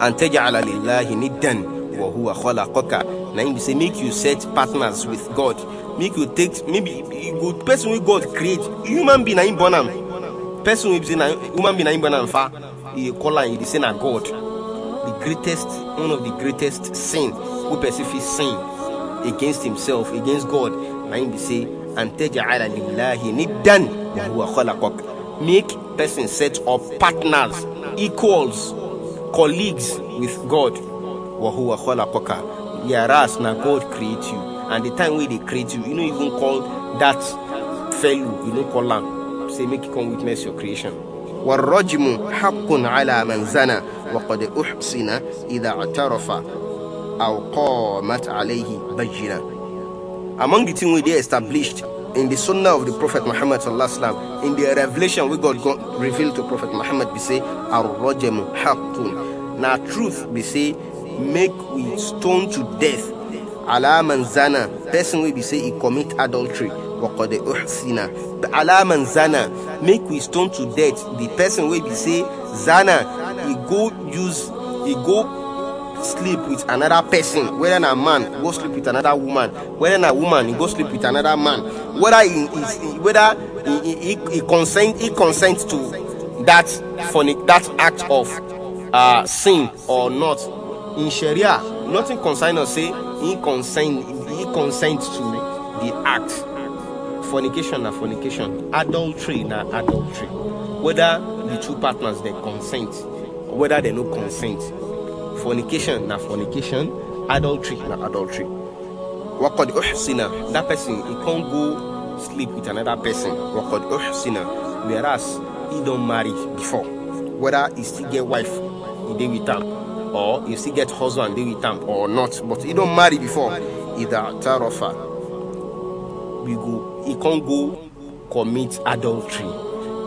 and he taj'ala lillahi niddan wa huwa khalaqaka. Now him say make you set partners with God. Make you take maybe good person wey God create, human being na him born am. Person wey be say na human being na him born am fa. He call am, he say na God. The greatest, one of the greatest sin we person fit sin against himself, against God. Na him be say and taj'ala lillahi niddan wa huwa khalaqak. Make person set of partners, equals, colleagues with God. Wa huwa khalaqaka. Whereas Na God create you. And the time when they create you, you know even call that fellow, you know call him. Say make you come witness your creation. والرجم حق على من زنى وقد أحسن إذا اعترف أو قامت عليه بجنة among the things we they established in the sunnah of the Prophet Muhammad sallallahu in the revelation we God, revealed to Prophet Muhammad, be say, Ar-Rajam Haqqun. Now truth, be say, make we stone to death. Ala manzana, person we be say he commit adultery. وقد أحسن على من make we stone to death the person we be say zana he go use he go sleep with another person whether a man go sleep with another woman whether a woman go sleep with another man whether he he whether he he, he consent he consent to that that act of uh, sin or not in sharia nothing concern us say he consent he consent to the act fornication na fornication adultery na adultery whether the two partners they consent or whether they no consent fornication na fornication adultery na adultery What called uhsina that person he can't go sleep with another person What called uhsina whereas he don't marry before whether he still get wife he dey with am or he still get husband dey with am or not but he don't marry before either tarafa we go he can't go commit adultery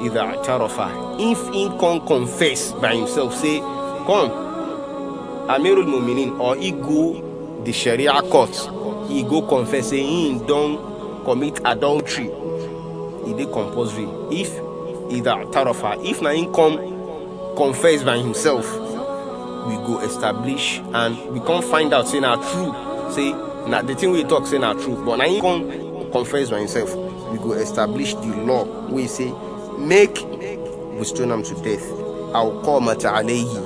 either tarafa if he can confess by himself say come amirul muminin or he go the sharia court he go confess say don commit adultery He dey compulsory if either tarafa if na him come confess by himself we go establish and we can find out say na true say na the thing we talk say na truth. but na him come confess by himself we go establish the law We say make we stone him to death aw qamata alayhi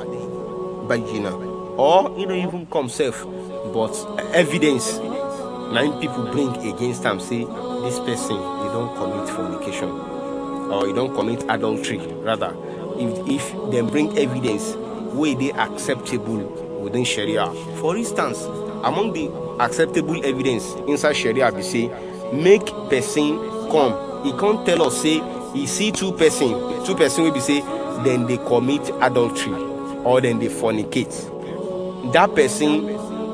bayyina or you know even come self but evidence nine people bring against am say this person he don commit fornication or he don commit adultery rather if if dem bring evidence wey dey acceptable within sharia for instance among the acceptable evidence inside sharia be say make person come e come tell us say e see two person two person wey be say dem dey commit adultery or dem dey fornicate that person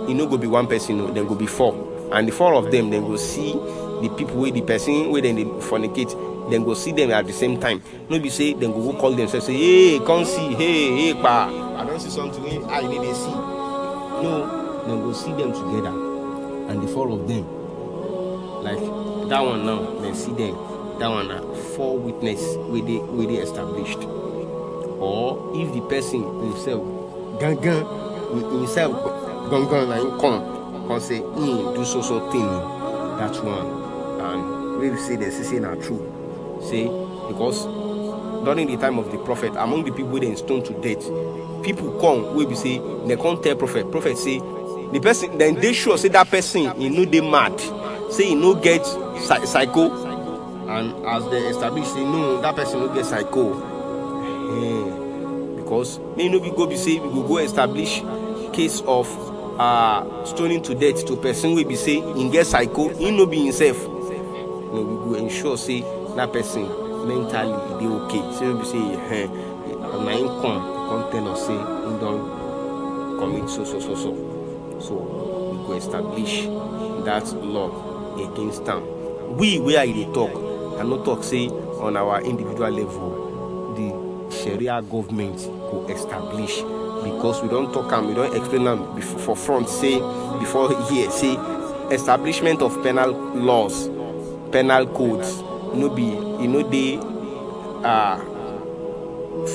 e no go be one person o dem go be four and the four of them then go see the people wey the person wey dem dey fornicate dem go see them at the same time no be say dem go go call them. say hey come see hey hey pa i don see something wey eye no dey see no dem go see them together and the four of them like that one now dem see them that one na four witness wey dey wey dey established or if the person himself gangan himself gangan na him come come say him do so so thing that one and we see the dem say true See, because during the time of the prophet among the people wey dem stone to death people come we be say dem come tell prophet prophet say the person then they sure say that person e know they mad say e know get psycho and as they establish say no that person no get psycho eh, because may know we go be say we go go establish case of uh, stoning to death to person wey be say im get psycho im no be himself no we go ensure say that person mentally e dey okay say no be say eh, eh na im come come tell us say im don commit so so so so so we go establish that law against am we wey i dey talk i no talk say on our individual level the sharia government go establish because we don't talk and we don't explain them for front say before here say establishment of penal laws penal codes no be e no dey uh,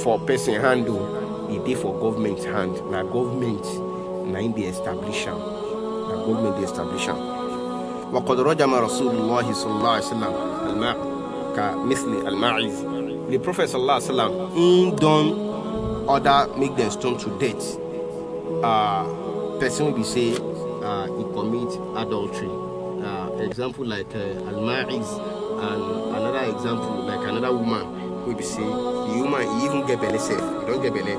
for person hand It oh, is for government hand Now government na im dey establish am government the establishment. am وقد رجم رسول الله صلى الله عليه وسلم الماء كمثل الماعز the prophet صلى الله عليه وسلم don other make them stone to death, uh, person will be say uh, he commit adultery. Uh, example like uh, Almariz and another example like another woman will be say the woman he even get belly self. he don't get belly.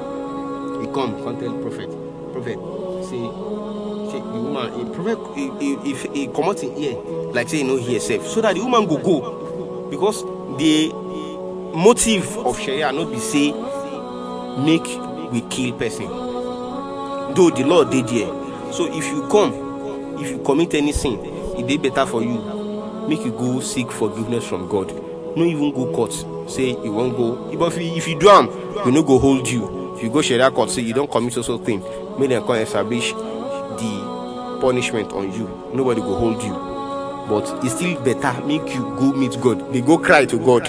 He come, come tell prophet, prophet, say, the woman, he prophet, he, he, he, he come out in here, like say he no hear self. so that the woman go go, because the motive of Sharia not be say make we kill person though the law dey there so if you come if you commit any sin e dey better for you make you go seek forgiveness from god no even go court say you wan go if you if you do am we no go hold you if you go share that court say you don commit so so thing. make dem come establish the punishment on you nobody go hold you but e still better make you go meet god dey go cry to god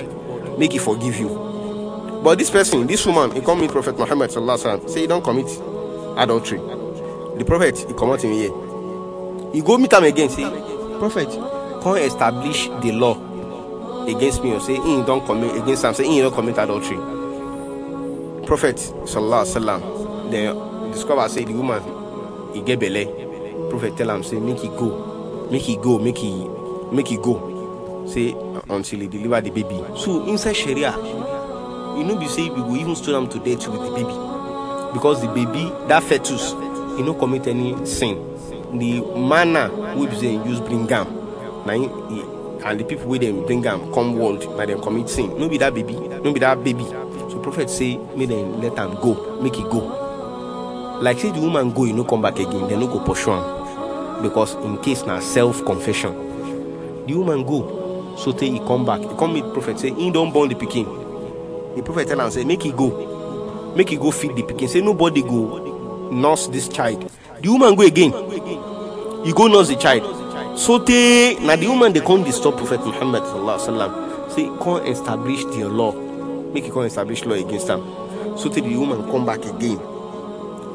make He forgive you. But this person, this woman, he come meet Prophet Muhammad sallallahu alaihi wasallam. Say he don't commit adultery. The prophet he come out him here. He go meet him again. Say, prophet, come establish the law against me. Or say he don't commit against him. Say he don't commit adultery. Prophet sallallahu alaihi wasallam. Then discover say the woman he get belle. Prophet tell him say make he go, make he go, make he make he go. Say until he deliver the baby. So inside Sharia you know be say we go even stone am to death with the baby because the baby that fetus he no commit any sin the manner wey be say use bring am na him and the people wey them bring am come world na them commit sin no be that baby no be that baby so prophet say make them let am go make e go like say the woman go e no come back again They no go pursue am because in case na self confession the woman go so sotey he come back he come meet prophet say he don't born the picking. The prophet tell am say make he go, make he go feed the pikin. Say nobody go nurse this child. The woman go again. You go nurse the child. So the now the woman they come disturb Prophet Muhammad sallallahu alaihi wasallam. Say come establish the law. Make e come establish law against them. So the woman come back again.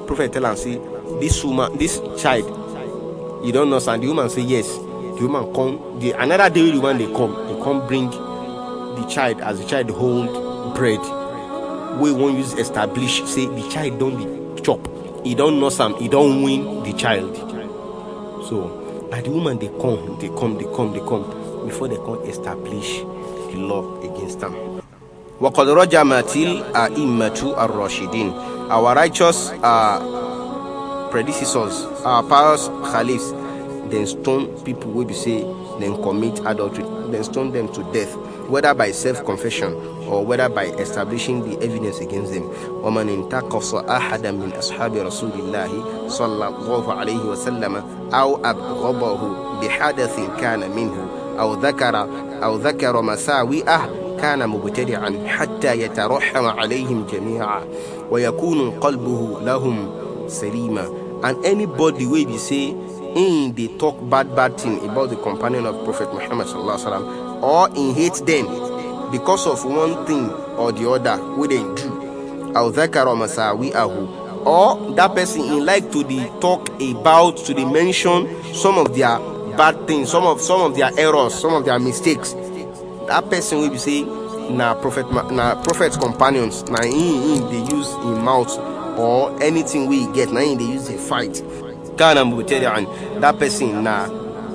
Prophet tell am say this woman, this child you don't know and the woman say yes the woman come the another day the woman they come they come bring the child as the child hold bread wey we wan use establish say the child don dey chop e don nurse am e don win the child so na the woman dey come dey come dey come dey come before they come establish the law against am. وقد رجع ماتيل أئمة الراشدين our righteous uh, predecessors our pious caliphs dem stone people wey be say dem commit adultery dem stone them to death whether by self-confession or whether by establishing the evidence against them. ومن انتقص أحدا من أصحاب رسول الله صلى الله عليه وسلم أو أبغضه بحدث كان منه أو ذكر أو ذكر مساوئه كان مبتدعا حتى يترحم عليهم جميعا ويكون قلبه لهم سليما and anybody will be say in they talk bad bad thing about the companion of Prophet Muhammad sallallahu alaihi wasallam or in hate them because of one thing or the other we didn't do. Or that person in like to the talk about to the mention some of their bad things, some of some of their errors, some of their mistakes. That person will be saying, na prophet, na prophet's companions, na in they use in mouth or anything we get, na in they use a fight." That person, na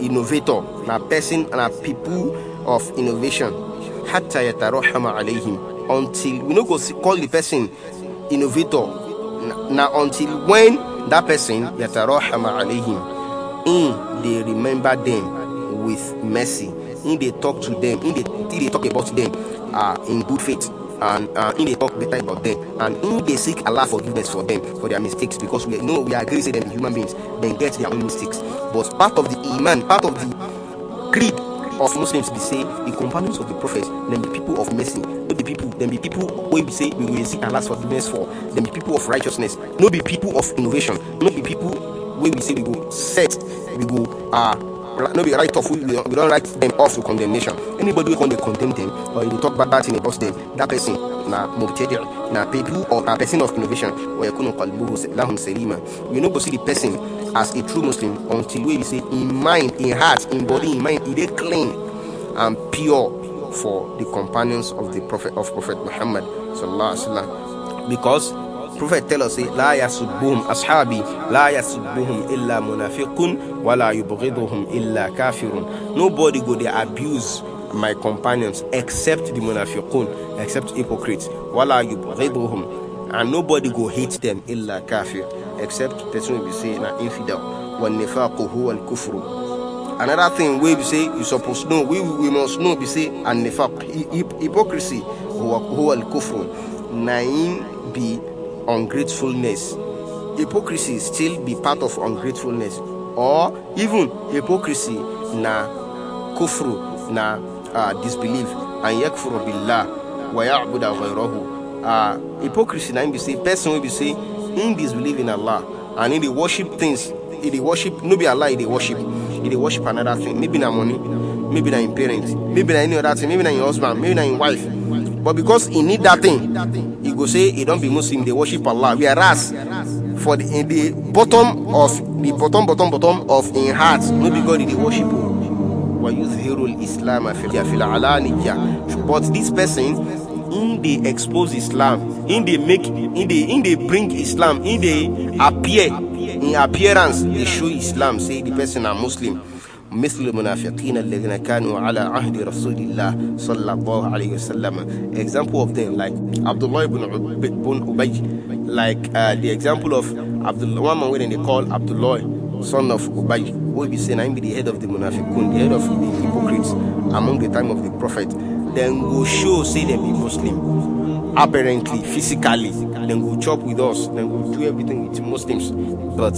innovator, na person, na people of innovation hatta yatarohama alayhim until we no go call the person innovator now until when that person yatarohama alayhim in they remember them with mercy in they talk to them in they, they talk about them uh, in good faith and uh, in they talk better about them and in they seek Allah forgiveness for them for their mistakes because we know we are say than human beings they get their own mistakes but part of the iman part of the creed of Muslims be say the companions of the prophet, then the people of mercy, not the people, then the people when we say we will seek Allah's forgiveness for, then the people of righteousness, not the people of innovation, not the people when we say we go set, we go uh no be right off we, we don't write them off to condemnation anybody who want to condemn them or you talk bad bad thing about them, that person na mubtadi na people or a person of innovation or yakunu qalbuhu lahum selima you no go see the person as a true muslim until we say in mind in heart in body in mind they clean and pure for the companions of the prophet of prophet muhammad sallallahu alaihi wasallam because Prophet tell us, لا يسبهم أصحابي لا يسبهم إلا منافق ولا يبغضهم إلا كافر. Nobody go there abuse my companions except the munafiqun, except hypocrites. ولا يبغضهم. And nobody go hate them إلا كافر, except person will be saying an infidel. والنفاق هو الكفر another thing we be say you suppose know we we must know be say and nifaq hypocrisy هو al kufrun na be ungratefulness. Hypocrisy still be part of ungratefulness, or even hypocrisy na kufru na uh, disbelief and yakfuru billah wa ya'budu ghayrahu. Uh, hypocrisy na him be say person will be say in disbelief in Allah and in the worship things in the worship no be allah in the worship in the worship another thing maybe na money maybe na him parents maybe na any other thing maybe na your husband maybe na your wife But because he need that thing, he go say he don't be Muslim, they worship Allah. Whereas for the, in the bottom of the bottom, bottom, bottom of in heart, no be God they worship. Islam. ويظهر الإسلام في nija. but this person in they expose Islam, in they make, in they, in they bring Islam, in they appear, in appearance they show Islam, say the person are Muslim. مثل المنافقين الذين كانوا على عهد رسول الله صلى الله عليه وسلم example of them like Abdullah ibn Ubay like uh, the example of Abdullah one man when they call Abdullah son of Ubay who be saying I'm the head of the munafiqun the head of the hypocrites among the time of the prophet then go show say they be Muslim apparently physically then go chop with us then go do everything with Muslims but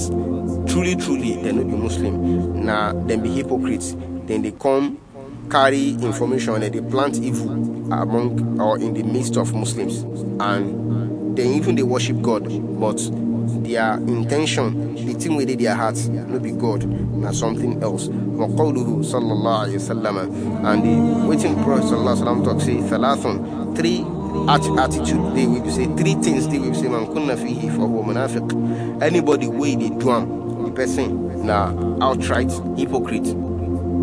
truly, truly, they no be Muslim. Now, nah, then be hypocrites. Then they come carry information and they plant evil among or in the midst of Muslims. And then even they worship God, but their intention, the thing within their hearts, no be God, not something else. وقوله صلى الله عليه and the waiting Prophet صلى الله عليه وسلم say ثلاث three attitude they will say three things they will say man kunna fihi fahuwa munafiq anybody way they drum person na outright hypocrite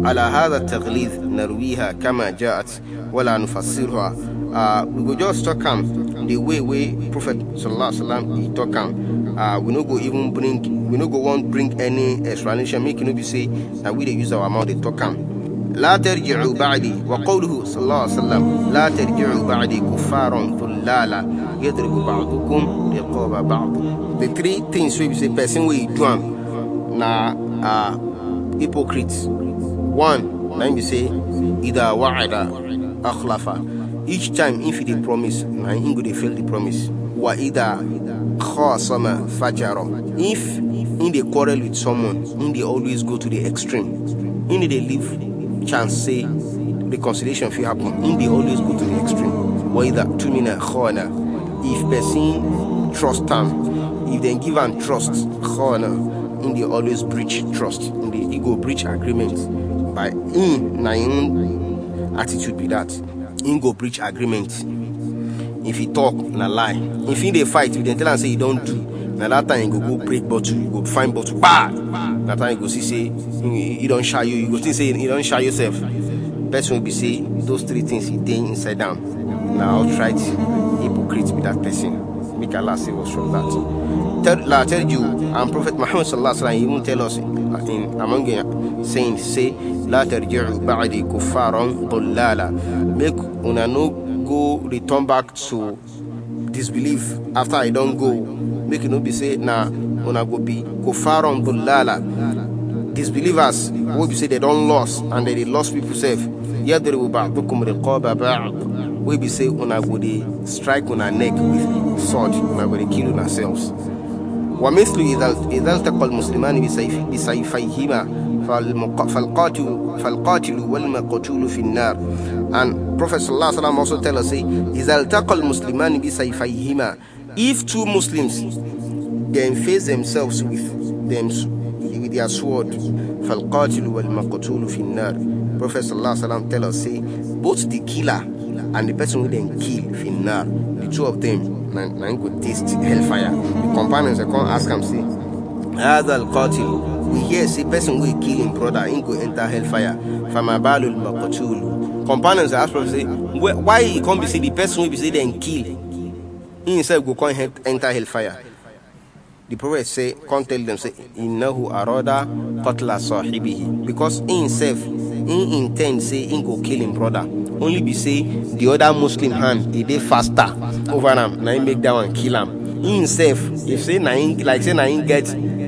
على هذا التغليظ نرويها كما جاءت ولا نفسرها uh, we will just talk am the way we prophet sallallahu alaihi wasallam he talk am uh, we no go even bring we no go want bring any explanation make no be say that we dey use our mouth dey talk am لا ترجعوا بعدي وقوله صلى الله عليه وسلم لا ترجعوا بعدي كفارا ثلالا يضرب بعضكم رقاب بعض the three things we be say person we do am na uh, hypocrites. One, let me say either wa'ada akhlafa. Each time if they promise, na ingu they fail the promise. Wa either khasama fajaro. If in the quarrel with someone, in the always go to the extreme. In they leave chance say reconciliation fit happen. In the always go to the extreme. Wa either tumina khana. If person trust them, if they give them trust, khana. In the always breach trust in the ego breach agreement by in na him attitude be that him go breach agreement if he talk na lie if he dey fight we dey tell am say he don do na that time he go go break bottle he go find bottle kpa that time he go see say he don shy you he go think say he don shy yourself. person wey be say those three things he dey inside am na outright hypocrite be that person make allah save us from that. tell, I tell you, and Prophet Muhammad sallallahu alaihi wasallam even tell us in among saints say, "La tarji'u ba'di kuffaran dhullala." Make una no go return back to disbelief after I don't go. Make you no be say na una go be kuffaran dhullala. Disbelievers will be say they don't lost and they, they lost people safe. Yadribu ba'dukum riqaba ba'd. We be say una go dey strike una neck with sword. Una go dey kill ourselves. ومثل إذا التقى المسلمان بسيفيهما فالقاتل, فالقاتل والمقتول في النار and Prophet sallallahu alaihi wasallam also tell us say إذا التقى المسلمان بسيفيهما if two Muslims then face themselves with them with their sword فالقاتل والمقتول في النار Prophet sallallahu alaihi wasallam tell us say both the killer and the person who then kill في النار the two of them na, na go taste hellfire the companions dey come ask am say hadha alqatil we hear say person wey kill him brother him go enter hellfire famabalul maqtul companions ask prophet say why e come be say the person wey be say dem kill him himself go come enter hellfire the prophet say come tell them say innahu arada qatla sahibihi because he himself him intend say him go kill him brother only be say the other muslim hand e dey faster over am na him make that one kill am him sef if say na him like say na him get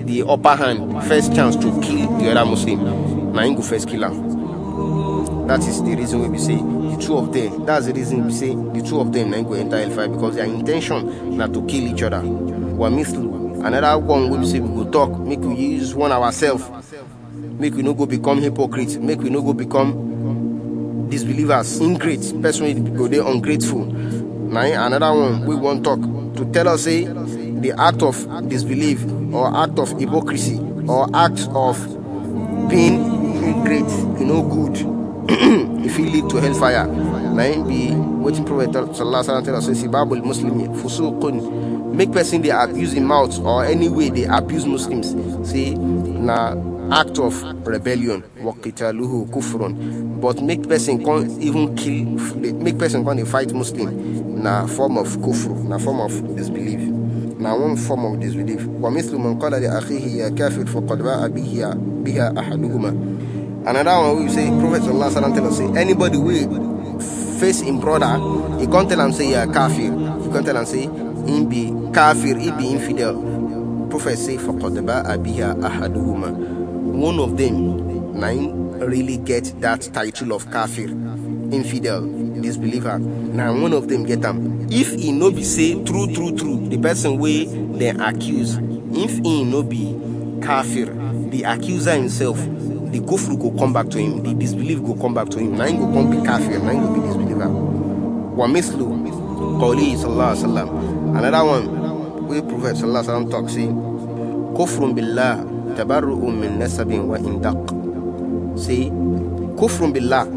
the upper hand first chance to kill the other muslim na him go first kill am that is the reason wey be say the two of them that's the reason be say the two of them na go enter hellfire because their intention na to kill each other wamislu another one wey be say we go talk make we use one ourselves make we no go become hypocrites. make we no go become disbelievers ingrate personally, go dey ungrateful Now another one won't talk to tell us say the act of disbelief or act of hypocrisy or act of being ingrate You know good if it lead to hellfire Now be wetin prophet sallallahu alaihi tell us say sibabul muslimi fusuqun make person they abuse in mouth or any way they abuse muslims say now act of rebellion وقتاله kufron, but make person can't even kill make person can't fight Muslim na form of kufr na form of disbelief na one form of disbelief ومثل من قال لأخيه يا كافر فقد باء به بها أحدهما another one we say Prophet sallallahu alaihi wasallam say anybody will face him brother he can't tell him say yeah kafir he can't tell him say him be kafir he be infidel Prophet say فقد باء بها أحدهما one of them nine really get that title of kafir infidel disbeliever Now, one of them get them. if he no be say true true true the person way they accuse if he no be kafir the accuser himself the kufru go come back to him the disbelief go come back to him na go come be kafir na him go be disbeliever wa mislu qawli sallallahu alaihi another one wey prophet sallallahu alaihi wasallam talk say kufrun billah tabarru'un min nasabin wa indaq. See, kufrun billah,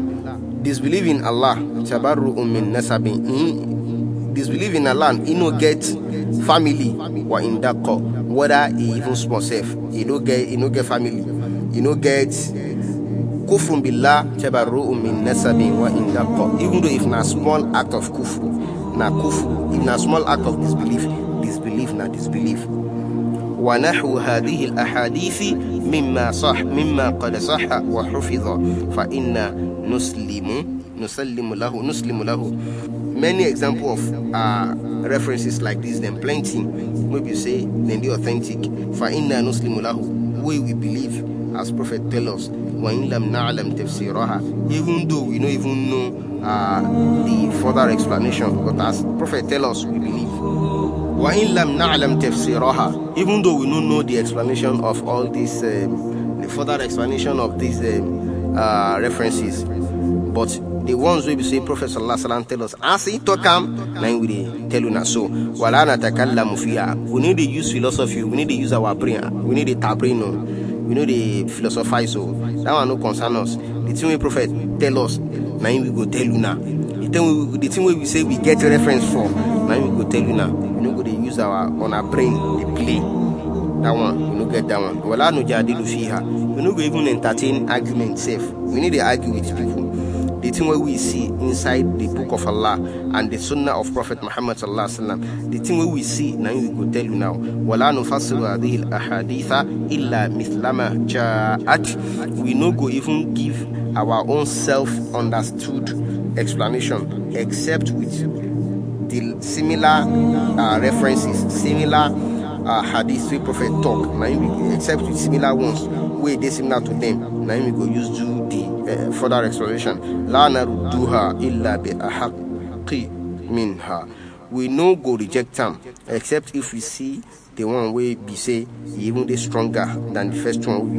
disbelieving Allah, tabarru'un min nasabin. Disbelieving Allah, he no get family wa indaq. Whether he even small self, he no get, he no get family, he no get kufrun billah tabarru'un min nasabin wa indaq. Even though if na small act of kufr, na kufr, if na small act of disbelief, disbelief na disbelief. ونحو هذه الأحاديث مما صح مما قد صح وحفظ فإن نسلم نسلم له نسلم له many example of uh, references like this then plenty maybe you say then be authentic فإن نسلم له we we believe as prophet tell us وإن لم نعلم تفسيرها even though we don't even know uh, the further explanation but as prophet tell us we believe Even though we don't know the explanation of all these, um, the further explanation of these um, uh, references, but the ones we say Prophet Sallallahu tell us, as it to come, then we tell you so. Wala natakallamu fiha. We need to use philosophy. We need to use our brain. We need to tap brain. Oh. We need to philosophize. So oh. that one no concern us. The thing we Prophet tell us, now we go tell you now. The thing we, the thing we say we get reference from, na we go tell you now no go dey use our on our brain dey play that one we no get that one wala no jadilu fiha we no go even entertain argument sef we need to argue with people the thing where we see inside the book of Allah and the sunnah of Prophet Muhammad sallallahu alaihi wasallam the thing where we see now we go tell you now wala nufassiru hadhihi al-ahaditha illa mithlama ja'at we no go even give our own self understood explanation except with similar uh, references, similar uh, hadith wey prophet talk. except with similar ones wey dey similar to them. Now we go use do the uh, further exploration. La narudduha illa bi ahaqi minha. We no go reject them except if we see the one wey be say e even dey stronger than the first one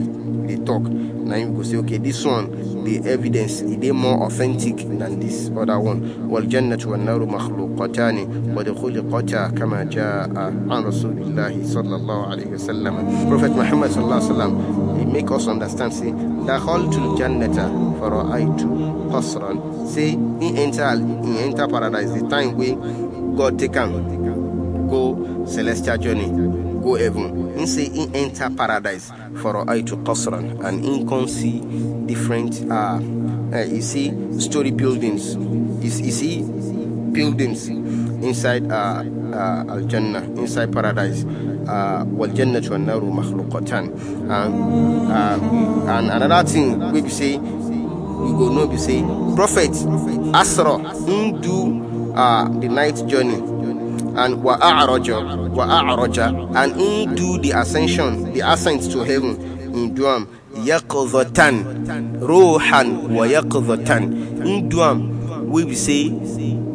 we dey talk na im go say okay this one the evidence e dey more authentic than this other one waljannatu wannaru makhluqatani qad khuliqata kama jaa an rasulillahi sallallahu alaihi wasallam prophet muhammad sallallahu alaihi wasallam he make us understand say dakhaltul jannata fara'aitu qasran say he enter he enter paradise the time wey god take am celestial journey go heaven in say he enter paradise for eye to qasran and in can see different uh, uh you see story buildings you see buildings inside uh, uh, al jannah inside paradise uh, والجنة والنار مخلوقتان um, um, and another thing we be say we go know be say prophet Asra him do uh, the night journey and wa'a'raja wa'a'raja and undo the ascension the ascent to heaven in duam yaqzatan ruhan wa yaqzatan in duam we will say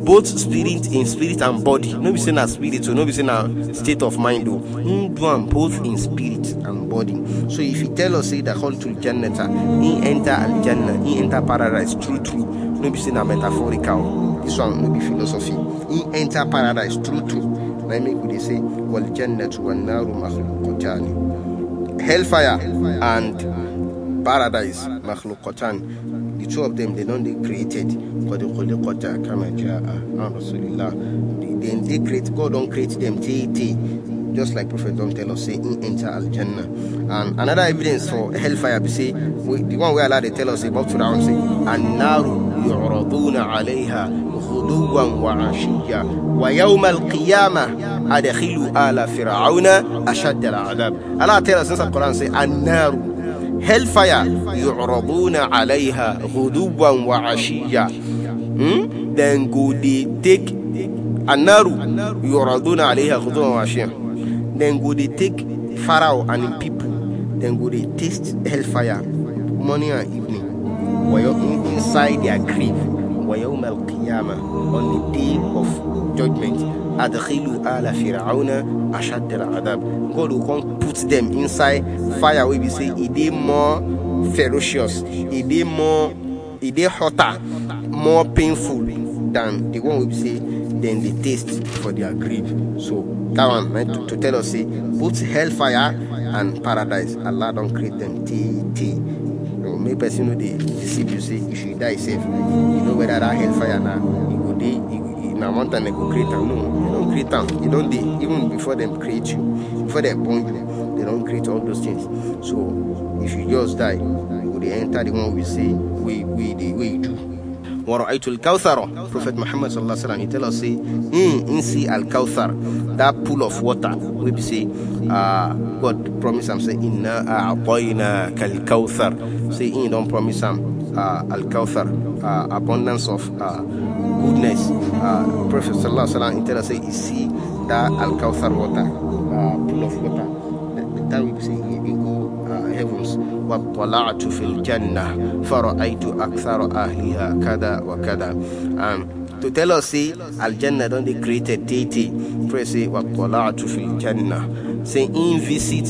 both spirit in spirit and body no be say na spirit no be say na state of mind o in duam both in spirit and body so if you tell us say that call to jannata he enter al jannah he enter paradise true true no be say na metaphorical this one no be philosophy in enter paradise True, true. Let me could say, Wal Jannatu wan Naru Makhlukotani. Hellfire and paradise Makhluqatan. The two of them, they don't they created. God Then they create, God don't create them. T just like Prophet Don tell us, say, in enter Al Jannah. And another evidence for hellfire, Be say, we, the one where Allah they tell us about Fir'aun, say, and Naru yu'raduna alayha غدوا وعشيا ويوم القيامة أدخلوا آل فرعون أشد العذاب ألا ترى سنسى القرآن سي النار hellfire يعرضون عليها غدوا وعشيا hmm? then go they take النار يعرضون عليها غدوا وعشيا then go they take Pharaoh and people then go they taste hellfire morning and evening were inside their grave ويوم القيامة on the day of judgment adkhilu ala fir'auna ashad al-adab God will come put them inside fire We be say it dey more ferocious it dey more it dey hotter more painful than the one we say Then dey taste for their grief. so that one meant eh, to, to tell us say both hellfire and paradise Allah don't create them tey tey Don't person know they deceive you, say you should die safe. You know whether that hellfire now, you go there. you, now one time they go create them. No, they don't create them. You don't dey, even before them create you, before they born you, they don't create all those things. So if you just die, you go enter the one we say, we, we, the we do waraitul kawthara prophet muhammad sallallahu alaihi wasallam he tell us say mm insi al kawthar that pool of water we be say uh, god promise am say inna a'tayna kal kawthar say he don't promise am uh, al kawthar uh, abundance of uh, goodness uh, prophet sallallahu alaihi wasallam he tell us say see that al kawthar water uh, pool of water that, we be say واطلعت في الجنة فرأيت أكثر أهلها كذا وكذا um, to tell us see Al Jannah don't they created deity pray say واطلعت في الجنة say in visit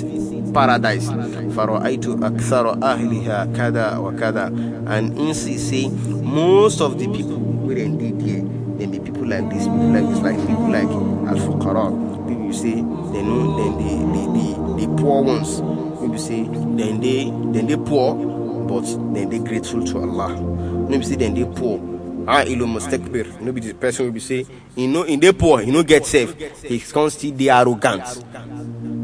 paradise فرأيت أكثر أهلها كذا وكذا and in see say most of the people within did here then be people like this people like this like people like Al-Fuqara people you say they know then the, the, the, the poor ones Maybe say then they then they poor, but then they grateful to Allah. Maybe say then they poor. Ah, Elon Mustakbir. Maybe the person will be say, you know, in they poor, you know, get safe. He can see the arrogant.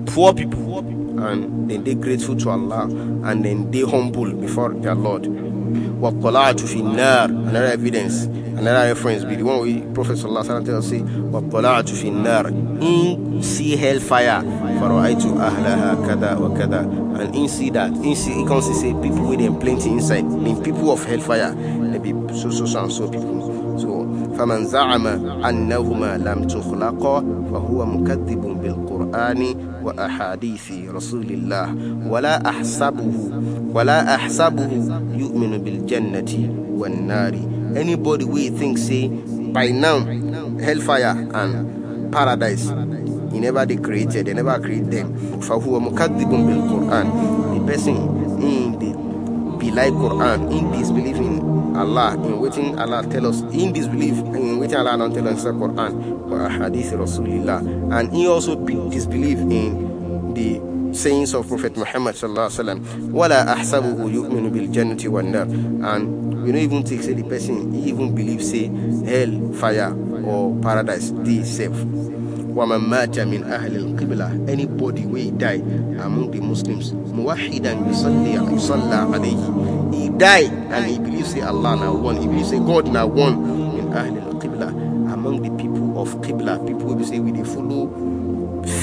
Poor people, and then they grateful to Allah, and then they humble before their Lord. وَالطَّلَعَةُ فِي النَّارِ Another evidence, another reference be the one we Prophet صلى الله عليه وسلم tell us say, وَالطَّلَعَةُ فِي النَّارِ In see hell fire فَرَأَيْتُ أَهْلَهَا كَذَا وَكَذَا And in see that, in see, it can to say people with them plenty inside, mean people of hell fire they be so so so and so people. So, فَمَنْ زَعَمَ أَنَّهُمَا لَمْ تخلقا فَهُوَ مُكَذِّبٌ بِالْقُرْآنِ القرآن وأحاديث رسول الله ولا أحسبه ولا أحسبه يؤمن بالجنة والنار anybody we think say by now hellfire and paradise he never they created they never created them فهو مكذب بالقرآن the person in the belie Quran in disbelieving Allah, in waiting Allah tell us in disbelief, in waiting Allah don't tell us the Quran or Hadith Rasulullah, and he also disbelief in the sayings of Prophet Muhammad sallallahu alaihi wasallam. yu'minu bil jannati wa nar. And we don't even take say the person even believe say hell, fire or paradise the safe. وَمَنْ مَاتَ مِنْ أَهْلِ الْقِبْلَةِ Anybody where he die among the Muslims مُوَحِّدًا يُصَلِّ يُصَلَّى عَلَيْهِ die. And he believes say Allah now one. He believes say God now one. qibla. Among the people of qibla, people will say we they follow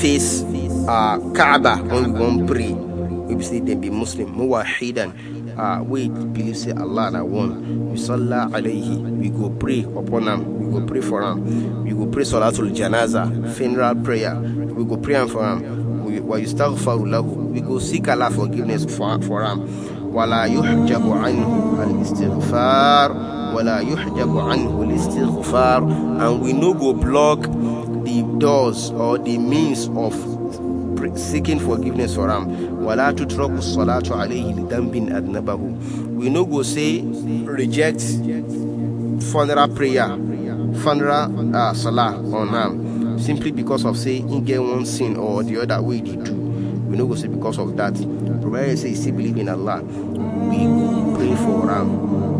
face uh, Kaaba on one pray. We say they be Muslim. Muwahidan. Uh, we believe say Allah now one. We alayhi. We go pray upon them. We go pray for them. We go pray salatul janaza, funeral prayer. We go pray for them. We, we go seek Allah forgiveness for, for them. ولا يحجب عنه الاستغفار ولا يحجب عنه الاستغفار and we no go block the doors or the means of seeking forgiveness for him ولا تترك الصلاة عليه لذنب أذنبه we no go say reject funeral prayer funeral uh, salah on him simply because of say he get one sin or the other way they do we no go say because of that where you say you still believe in Allah, we could pray for Ram.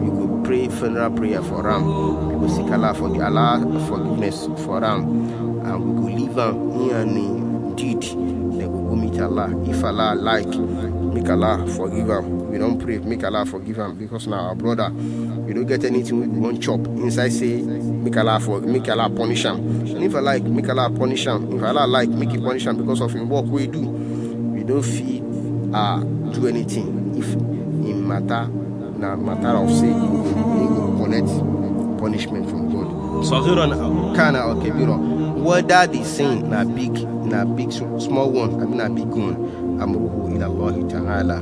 You could pray funeral prayer for Ram. We could seek Allah for the Allah forgiveness for Ram. And we could leave Ram in and deed. Then we go meet Allah. If Allah like, make Allah forgive him. We don't pray, make Allah forgive him. Because now our brother, we don't get anything we won't chop. Inside say, make Allah for make Allah punish him. And if I like, make Allah punish him. If Allah like, make him punish him because of him work we do. We don't feed uh, do anything. If in matter, na matter of say, he will collect punishment from God. So Sagiran okay? or know, Whether the sin na big, na big small one, I mean na big one. Amruhu ila Ta'ala.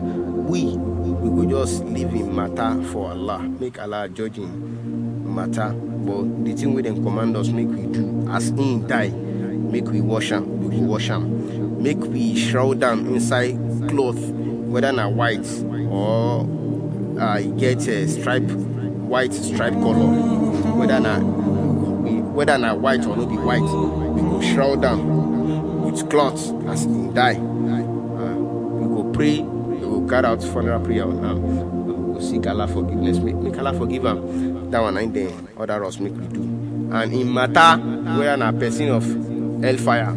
We we go just leave him matter for Allah. Make Allah judge him matter. But the thing with them command us make we do as in die. Make we wash him, we wash him. Make we shroud them inside cloth, whether na white or uh, e get a stripe, white stripe color, whether na whether na white or no be white, we go shroud am with cloth as e die. Uh, we go pray, we go carry out funeral prayer on am. We go seek Allah forgiveness, make, make Allah forgive am. That one ain't there. Other us make we do. And in matter, whether na person of hellfire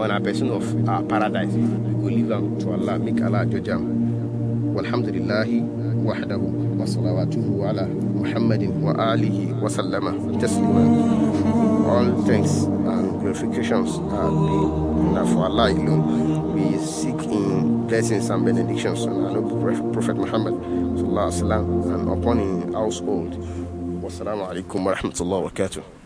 on a person of our uh, paradise. We go live on to Allah, make Allah judge them. Walhamdulillahi وحده وصلواته على محمد وآله وسلم تسليما all thanks and glorifications are being for Allah alone we seek in blessings and benedictions on our Prophet Muhammad sallallahu and upon his household wassalamu alaikum wa wabarakatuh